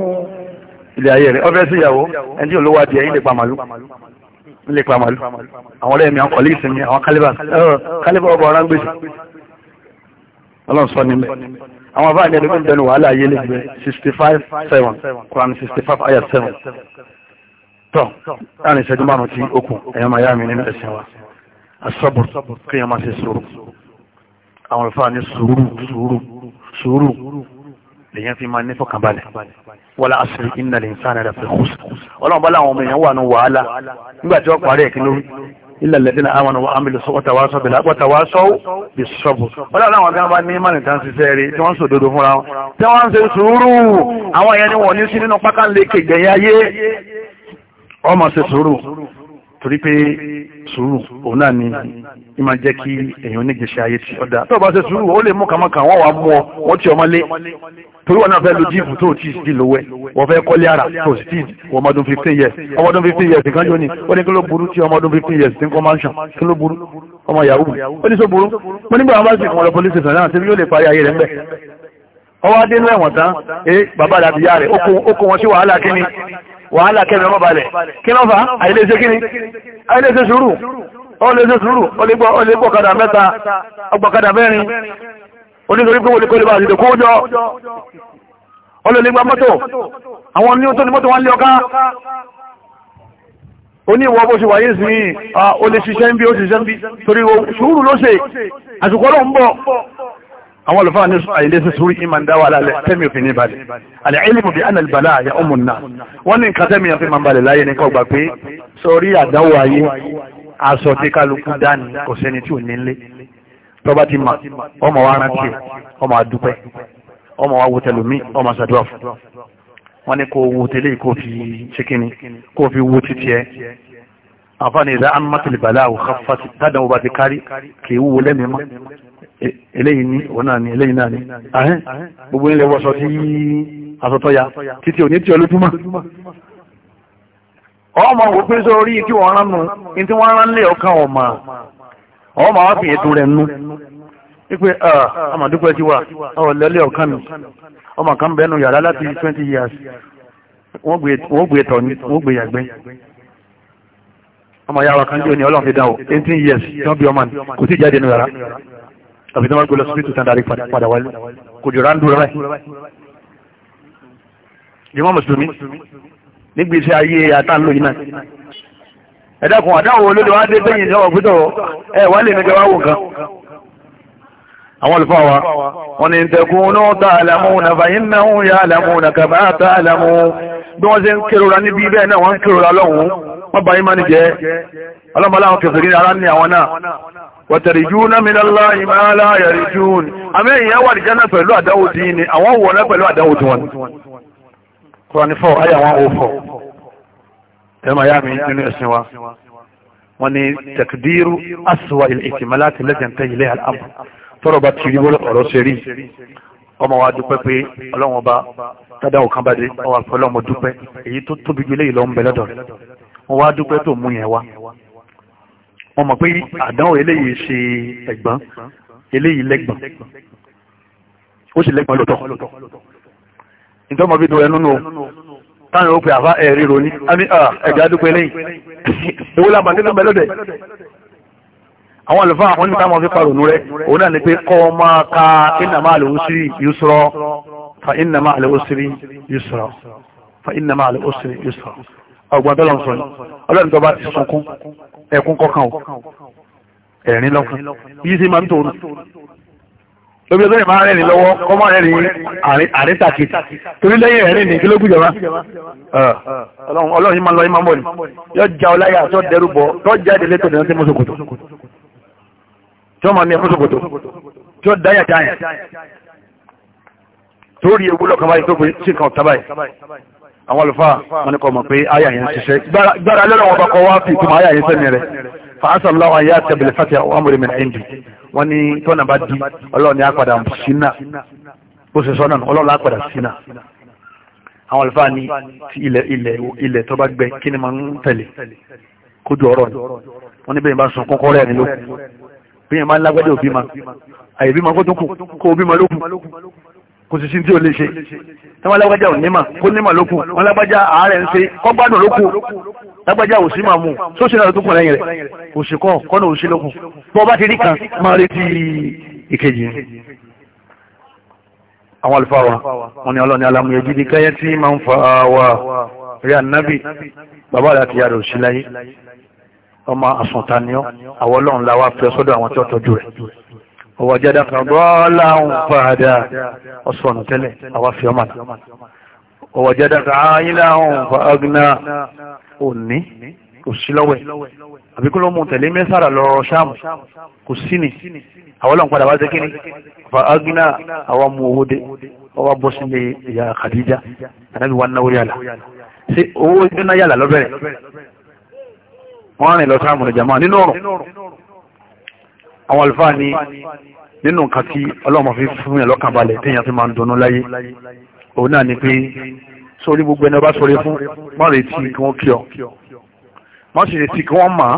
ilé ayé rẹ̀ ọfẹ́ sí ìyàwó ẹni tí olówó adìẹ yìí lè pa màlúù lè pa màlúù àwọn ọlọ́run sọ ní mẹ́ àwọn àbá ní ẹlòmí ìbẹnu wàhálà ayé lè gbé 65-7 Quran 65 ayat 7 tọ́ láàrin ìṣẹ́jú márùn tí ó kù ẹ̀yọ́ máa yá mi nínú ẹ̀sìn wa asọ́bùr kí ẹ máa ṣe sùúrù àwọn ìfà ní sùúrù sùúrù sùúrù lèyàn fi máa ní fọkànbalẹ̀ wala asri innal insana lafi khusr ọlọ́run bá láwọn ọmọ èèyàn wà ní wàhálà nígbà tí ó parí ẹ̀kí lórí illa alladhina amanu wa amilu watawasaw bil haqqi watawasaw bis sabr wọ́n láwọn ọ̀gá bá ní mọ́nì tán ṣiṣẹ́ rí tí wọ́n sòdodo fúnra wọn tí wọ́n ń ṣe àwọn yẹn torí pé sùúrù òun náà ni ní máa jẹ́ kí èèyàn onígbèsè ayé ti ọ̀dà tó bá ṣe sùúrù ó lè mú kàmákà wọ́n wà mú ọ wọ́n ti ọmọ torí wọn náà fẹ́ lu jíìpù tó ti di lówẹ́ wọ́n fẹ́ kọ́lé ara tó ti di ọmọdún fifteen years ọmọdún fifteen years nǹkan yóò ní ó ní kí ló burú tí ọmọdún fifteen years ti ń kọ́ mansion kí ló burú ọmọ yahoo ó ní sọ burú mo nígbà wọn bá sì fún lọ police station náà ṣe bí yóò lè ọwọ́ adé lẹ́wọ̀n tán ee bàbá àti ìyá rẹ̀ ó kó wọn sí wàhálà kíni wàhálà kẹ́mi ọmọ balẹ̀ kí ló fà á àìlèṣe kíni àìlèṣe sùúrù ọlẹ́ṣe sùúrù ọlẹ́gbọ̀ kadà mẹ́ta ọgbọ̀kadà mẹ́rin onítorí pé wọlé kọlẹ̀ bá àti ìdòkó jọ ọlọ́lẹ́gbà mọ́tò àwọn ní tó ní mọ́tò wọn lé ọká oníwọ̀ bó ṣe wáyé sí ah, ó lè ṣiṣẹ́ ń bí ó ṣiṣẹ́ ń bí torí sùúrù ló ṣe àsìkò ọlọ́ àwọn olùfáà ní sọ àìlé sí sórí ìmọ̀ ń dáwà lálẹ́ tẹ́mi òfin ní balẹ̀ àlẹ́ ìlú bí anal bala àyà ọmọ náà wọ́n ní nǹkan tẹ́mi òfin máa ń balẹ̀ láyé nípa ọgbà pé sọrí àdáwò ayé aṣọ tí kálukú dání kò sẹ́ni tí ò nílé tọ́ba ti mà ọmọ wa rántí ọmọ àdúpẹ́ ọmọ wa wo ọmọ sàdúrà fún ní kò wo tẹ́lẹ̀ kò fi ṣíkíní kò fi wo títí ẹ àǹfààní ìdá anmatilibala ò eléyìí ní òun náà ní náà gbogbo ilẹ̀ wọ́sọ tí asọ́tọ́ya títí òní tí olójúmọ́ ọmọ wò pé sọ orí kí wọ́n rán nù ní tí wọ́n rán lé ọkàn ọmọ ọmọ wá fi ètò rẹ̀ nú wípé àmàdúpẹ́ ti wà ọ̀lẹ́lẹ́ ọkàn nù ọmọ kan bẹ́nu yàrá láti years wọ́n gbé tọ̀ ní wọ́n gbé yàgbẹ́ ọmọ yàrá kan jẹ́ years tí wọ́n bí ọmọ kò tàbí tí wọ́n gbé lọ sí pítù tán darí padà wálé kò jù ráńdù rẹ̀ jùmọ́ mùsùlùmí nígbèsè ayé àtàlù yìí náà ẹ̀dàkùn àdáwò olóde wá dé bẹ́yìn ìjọba pítọ̀ ẹ̀ wá lè nígbà wá wò kan àwọn olùfọ́ wa wọ́n ni tẹkùnú tààlàmúnà fàyínnáhùn ya àlàmúnà kàbá tààlàmú bí wọ́n ṣe ń kérora níbi bẹ́ẹ̀ náà wọ́n ń kérora lọ́hùn-ún wọ́n bá yí má ní jẹ́ ara ní àwọn náà wọ̀tẹ̀rìjúúná mílọ́lá ìmáàlá yẹ̀rìjúún àmì èyàn wà ní jẹ́nà pẹ̀lú àdáwò tí ní àwọn wọ̀ náà pẹ̀lú àdáwò tí wọ́n kọ́nifọ́ ayà wọn ò fọ́ ẹmà yá mi nínú ẹ̀sìn wa wọ́n ni tẹ̀kìdírú àsùwà ìkìmọ̀ láti lẹ́sẹ̀ntẹ́ wọ́n mọ̀ pé àdánwò eléyìí ṣe ẹ̀gbọ́n eléyìí lẹ́gbọ̀n ó sì lẹ́gbọ̀n lọ́tọ̀ nítorí ọmọ bíi tó ẹnu nù táwọn òpè àfa ẹ̀rí ronú ẹ̀gá dúpẹ́ lẹ́yìn ewu lábàtí náà bẹ́lọ́dẹ̀ àwọn àlùfáà àwọn níta máa fi parò nù rẹ òun náà ni pé kọ́ máa ka iná máa lè usri fa iná máa lè usri fa iná máa lè usri ọgbọ́n tó lọ́n sọ yìí ọlọ́run tó bá ti sunkún ẹkún kọkàn o ẹ̀rín lọ́kàn yìí sí máa ń tòun lóbi ọdún ìmáà rẹ̀ ní lọ́wọ́ kọ́ máa rẹ̀ ní àrítàkì torí lẹ́yìn ẹ̀rín ní kílógún jọba ọlọ́run yìí máa lọ yìí máa ń bọ̀ ni yọ ja ọláyà tó dẹrù tó jáde létò ní ọdún mọ́sokòtò tí máa ní ẹ̀fọ́sokòtò tí dáyà dáyà tó ewu lọ́kàn báyìí tó fi àwọn àlùfáà wọn ni kọ mọ̀ pé àyà yẹn ṣiṣẹ́ gbára lọ́rọ̀ wọn bá kọ wá fi ìtumọ̀ àyà yẹn sẹ́mi rẹ̀ fàásàn láwọn àyà tẹ̀bẹ̀lẹ̀ fàtẹ̀ àwọn amúrẹ̀ mẹ́rin ẹ̀ǹdì wọn ni tọ́nà bá di ọlọ́run ni àpàdà sínà bó ṣe sọ́nà ọlọ́run àpàdà sínà àwọn àlùfáà ni ilẹ̀ ilẹ̀ ilẹ̀ tó bá gbẹ kí ni máa ń tẹ̀lé kójú ọ̀rọ̀ ni wọ́n ní bẹ́ẹ̀ bá sùn kò sì sí tí ó lè ṣe tí wọ́n lágbájá ò nímà kó nímà lókù wọ́n lágbájá ààrẹ ń ṣe kọ́gbádùn lókù lágbájá ò sí màmú tó ṣe náà tó kùn lẹ́yìn rẹ̀ kò sì kọ́ kọ́nà ò sí lókù bọ́ bá ti rí kan máa retí ìkejì àwọn àlùfáà wa wọn ni ọlọ́ni alámúyẹjí di káyẹ́ tí máa ń fa wa rí ànábì bàbá rẹ̀ àti yàrá òsì láyé ọmọ àsùntaniọ́ àwọn ọlọ́run la wá fẹ́ sọ́dọ̀ àwọn tí ó tọ́jú rẹ̀ ọwọ́jẹ́dá kan bọ́ọ̀lá ń fàádá ọ̀sọ̀nà tẹ́lẹ̀ àwáfí ọmọ ọwọ́jẹ́dá kan áyílá ń fàágná òní òsílọ́wẹ̀ àbíkúlọ́ mú tẹ̀lé mẹ́sàrà lọ ṣáàmù kò sí ni àwọ́lọ́n padà wá tẹ́kí ni fàágná àwọn mú owó dé ọwọ́ bọ́ sílé ìyá Khadija ànábì wá náwó yàlá sí owó ìgbóná yàlá lọ́bẹ̀rẹ̀ wọ́n rìn lọ ṣáàmù ní jàmáà nínú ọ̀rùn àwọn àlùfáà ni nínú nǹkan tí ọlọ́mọ fi fún yàn lọ́kàn balẹ̀ téèyàn fi máa ń dunnú láyé òun náà ni pé sórí gbogbo ẹni ọba sọ̀rọ̀ fún má retí kí wọ́n kí ọ má sì retí kí wọ́n mà á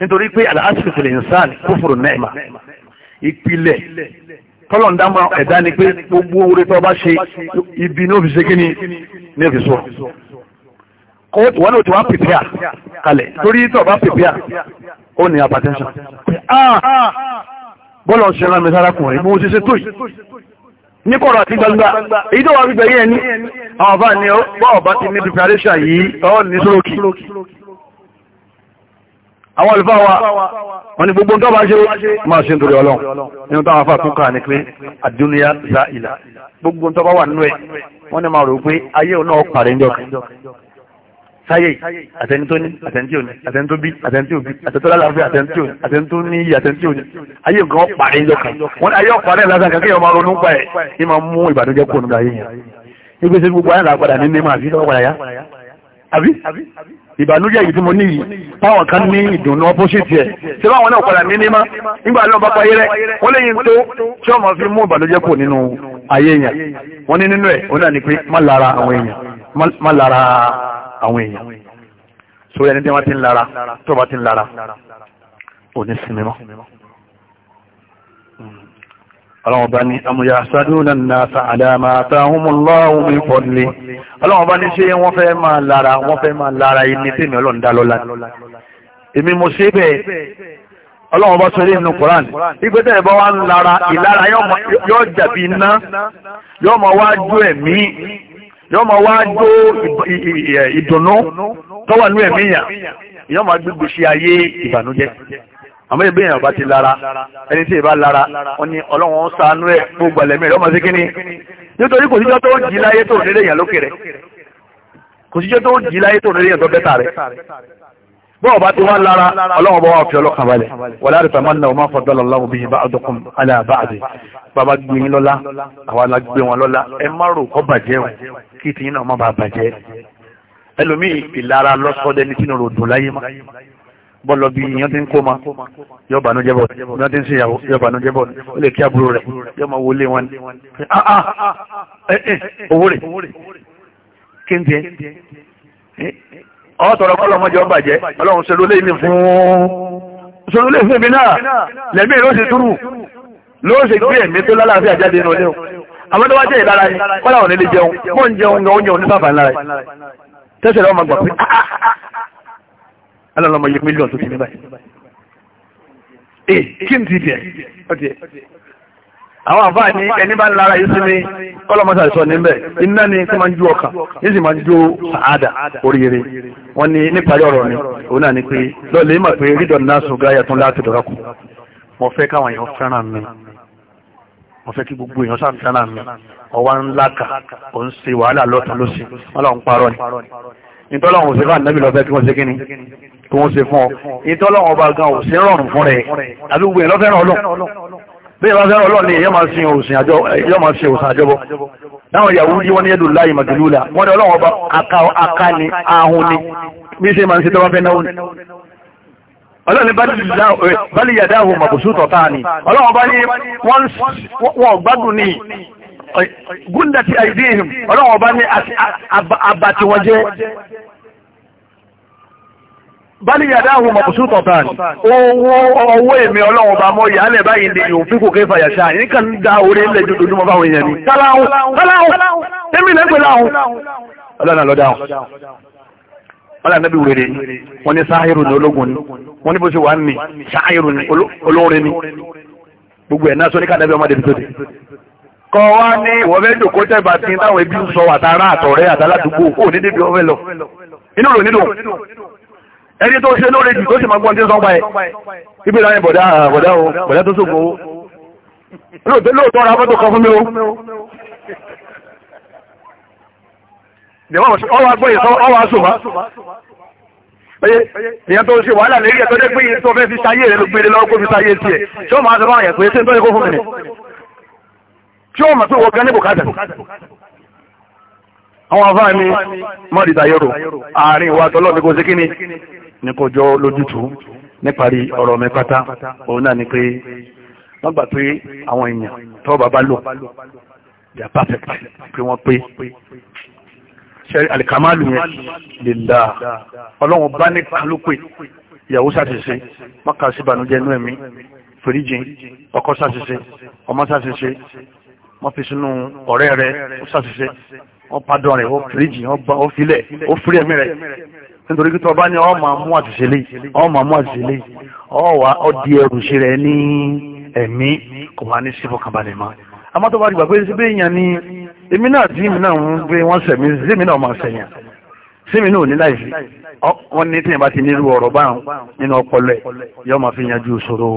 nítorí pé àdáṣìṣẹ́ lè ń sáà kúfùrù nẹ́ẹ̀mà ìpìlẹ̀ tọ́lọ̀ ń dámọ́ ẹ̀dá ni pé gbogbo oore tó bá ṣe ibi ní òfìsẹ́ kí ni ní òfìsọ́ wọ́n ní òtún wá pèpè à kalẹ̀ torí tó bá pèpè à ó ní hypertension ah, bọ́lọ̀ ṣe rán mi sára kùnrin mú ṣiṣẹ́ tó yìí ní kọ̀rọ̀ àti gbangba èyí tó wà gbígbẹ̀ yìí ẹni àwọn ọba ni ọba ti ní preparation yìí ọ ní sórókì àwọn olùfà wa wọn ni gbogbo nǹkan bá ṣe máa ṣe nítorí ọlọ́run nínú táwọn afá tún káà ní pé àdúnyá za ìlà gbogbo nǹkan bá wà nínú ẹ̀ wọ́n ni máa rò pé ayé òun náà pàrẹ́ ìjọkẹ́ táyé àtẹni tó ní àtẹni tí ò ní àtẹni tó bí àtẹni tí ò bí àtẹni tó lálàáfíà àtẹni tí ò ní àtẹni tó ní iyì àtẹni tí ò ní ayé nǹkan ọ̀pàrẹ̀ ìjọ kan wọn ayé ọ̀pàrẹ̀ lásán kan kéèyàn máa ronú pa ẹ̀ ní máa mú ìbànújẹ́ kó nígbà yìí yẹn nígbà tí gbogbo ayé làpadà ní ní máa fi lọ́wọ́ padà yá àbí ìbànújẹ́ yìí tí mo ní yìí báwọn kan ní ìdùnnú opposite ẹ̀ ṣé báwọn náà padà ní ní má nígbà náà bá payé rẹ wọ́n léyìn tó tí wọ́n máa fi mú ìbànújẹ́ kù nínú ayé èèyàn wọ́n ní nínú ẹ̀ òun náà ni pé má lára àwọn èèyàn má lára àwọn èèyàn sórí ẹni tí wọ́n ti ń lara tó bá ti ń lara ò ní sinmi mọ́ hmm. ọlọ́wọ́n bá ní àmúyà sádúnà náà àdámà àtàhùnmùláhùn mi fọ́dílé ọlọ́wọ́n bá ní ṣe wọ́n fẹ́ máa lára wọ́n fẹ́ máa lára ẹni tèmi ọlọ́ndà lọ́la èmi mo ṣe bẹ́ẹ̀ ọlọ́wọ́n bá sọ nínú Quran tẹ́lẹ̀ bá wá ń lára ìlara yóò jàbí iná yóò mọ̀ wájú ẹ̀mí yọ́ ma wá jó ìdùnnú tó wà ní ẹ̀mí yàn yọ́ ma gbégbé sí ayé ìbànújẹ́ àmọ́ ìbí èèyàn bá ti lára ẹni tí ìbá lára wọn ni ọlọ́run ṣàánú ẹ̀ gbogbo ẹ̀lẹ́mí rẹ̀ ọmọ sí kíní nítorí kò síjọ́ tó jí láyé tó nílé èèyàn lókè rẹ̀ kò síjọ́ tó jí láyé tó nílé èèyàn tó bẹ́tà rẹ̀ bọ́ọ̀ bá ti wá lára ọlọ́wọ́ bá wà fi ọlọ́kàn balẹ̀ wà láàrín tàmà náà máa fọ́dọ́lọ̀ láwọn bí i bá ọdọ́kùn aláàbáàdì bàbá gbé yín lọ́lá àwọn alágbé wọn lọ́lá ẹ má rò kọ́ bàjẹ́ wọn kí ti yín náà má bàa bàjẹ́ ẹlòmíì ìlara lọ́sọ́dẹ ní sínú ròdùn láyé má bọ́ọ̀lọ́ bí yín ti ń kó ma yóò bànú jẹ́bọ̀ yóò ti ń ṣe ìyàwó yóò bànú jẹ́bọ̀ ó lè kí àbúrò rẹ̀ yóò máa wọlé wọn ah, ah, eh, eh, owó rẹ̀ kéńtì ọ́ tọrọ kọ́ lọ́mọdé ọba jẹ́ ọlọ́run ṣe lólé mi fún ṣe lólé fún mi náà lẹ́mí ló ṣe túrù ló ṣe gbé ẹ̀mí tó lálàáfíà jáde nínú ilé o àwọn tó wá jẹ́ ìlara ni kọ́lá òní lè jẹun mọ́ ń jẹun ní oúnjẹ onífàfà ńlára tẹ́sẹ̀ lọ́mọ gbà pé alọ́lọ́mọ ah, ah, ah, yẹ mílíọ̀nù tó ti ní báyìí eh, àwọn àfáà ní ẹni bá ń lára yìí sí ni kọlọmọsà sọ níbẹ̀ iná ni kí máa ń ju ọkàn yìí sì máa ń ju sàádà oríire wọn ni níparí ọ̀rọ̀ ni òun náà ni pé lọ́ọ̀lẹ́ mà pé rídọ̀ náà sùn gáyà tún láti dọ̀rọ̀ kù mo fẹ́ káwọn èèyàn fẹ́ràn mi mo fẹ́ kí gbogbo èèyàn sáà fẹ́ràn mi ọwá ńlá kà ṣe wàhálà lọ́tún lọ́sìn ni ìtọ́lọ́run òṣèlú ànábì lọ́fẹ́ kí wọ́n ṣe kíni bẹ́ẹ̀ bá fẹ́ràn ọlọ́run ni yọ́ máa sin òsìn àjọbọ láwọn ìyàwó yí wọ́n ní ẹ̀dù láì màjúlúlà wọ́n ní ọlọ́run ọba aká ni ahun ni bí ṣe máa ń ṣe tọ́wọ́ fẹ́ náà ni ọlọ́run ní bálí eh, yàdá ahun màbùsù tọ̀tà ni ọlọ́run ọba ní wọ́n gbádùn ní eh, gúndàtì àìdíhìn ọlọ́run ọba ní àbàtì wọn jẹ́ bali yàdáhùn mọ̀kùsùtọ̀tàn owó ọwọ́ èmi ọlọ́run bá mọ́ ìyálẹ̀ báyìí ni yóò fíkò kéfà yàṣà yìí kan dá orí ilẹ̀ jòjòjúmọ́ báwọn èèyàn ni káláhùn káláhùn tẹ́mì lẹ́gbẹ̀ láhùn ọlọ́nà lọ́dáhùn wọ́n lànà bí wèrè wọ́n ní sáhírù ní ológun ni wọ́n ní bó ṣe wà ní sáhírù ní olóore ni gbogbo ẹ̀ náà sọ ní kàdábí ọmọdé tó dé kọ wá ní ìwọ́fẹ́ jòkó tẹ́bà tí táwọn ẹbí ń sọ àtàrà àtọ̀rẹ́ àtàládùúgbò ò ní débi ọfẹ́ inú rò nílò ẹni tó ṣe lóore jù tó sì máa gbọ́n tí ó sọ́gbà ẹ̀ ibi láyé bọ̀dá bọ̀dá o bọ̀dá tó sókò o lóòótọ́ lóòótọ́ ra kan fún mi o àwọn afáàmì mọ́ọ̀dì tayoro àárín ìwà tọ́lọ́ọ̀mí kò sí kíni ní kọjọ́ lójútùú níparí ọ̀rọ̀ mi pátá òun náà ni pé wọ́n gbà pé àwọn èèyàn tó bàbá lò they are perfect pé wọ́n pé ṣẹ́rí alikamalu yẹn lè la ọlọ́run bá ní kálópè ìyàwó ṣàṣìṣe mọ́ka síbànújẹ́ inú ẹ̀mí fèrèjìn ọkọ ṣàṣìṣe ọmọ ṣàṣìṣe wọ́n fi sínú ọ̀rẹ́ rẹ̀ ó ṣàṣìṣe wọ́n padà rẹ̀ ó fèrèjìn ó filẹ̀ ó fúrẹ́mí rẹ̀ nítorí pípọ̀ bá ní ọmọ amú àṣìṣe lé ọmọ amú àṣìṣe lé ọwà ọdí ẹrù ṣe ní ẹ̀mí kò wá ní síbò kàbalẹ̀ mọ́ àmọ́ tó gbàgbé èèyàn ni èmi náà tí èmi náà ń gbé wọ́n sẹ̀mí sẹ́mi náà máa sẹ̀yàn sẹ́mi náà ní láìsí wọ́n ní tí ti ọ̀rọ̀ fi yanjú ìṣòro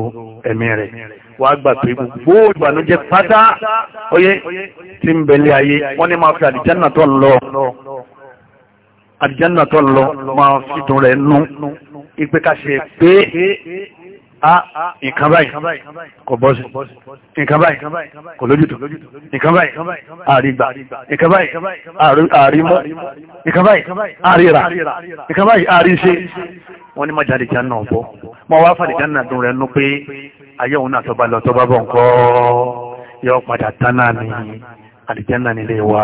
ẹ̀mí rẹ̀ á gbà pé gbogbo pátá tí ń bẹ̀lẹ̀ ayé wọ́n ní máa fi àdìjánà tó lọ máa fìtún rẹ̀ nú ipe ká ṣe pé a nǹkan báyìí kò bọ́ sí nǹkan báyìí kò lójútò nǹkan báyìí àrígbà nǹkan báyìí àrímọ́ nǹkan báyìí àríra nǹkan báyìí àríṣe wọ́n ní má jáde jánà ọ̀bọ̀ mọ́ wá fàdìjánà dùn rẹ̀ nú pé ayé òun náà tọba lọ tọba bọ̀ nǹkan yọ padà tánà ní àdìjánà nílé wa.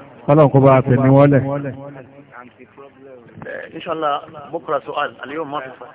ọlọ́run kó bá fẹ̀ ní wọ́lẹ̀. Inshallah, bukra su'al, al-yawm ma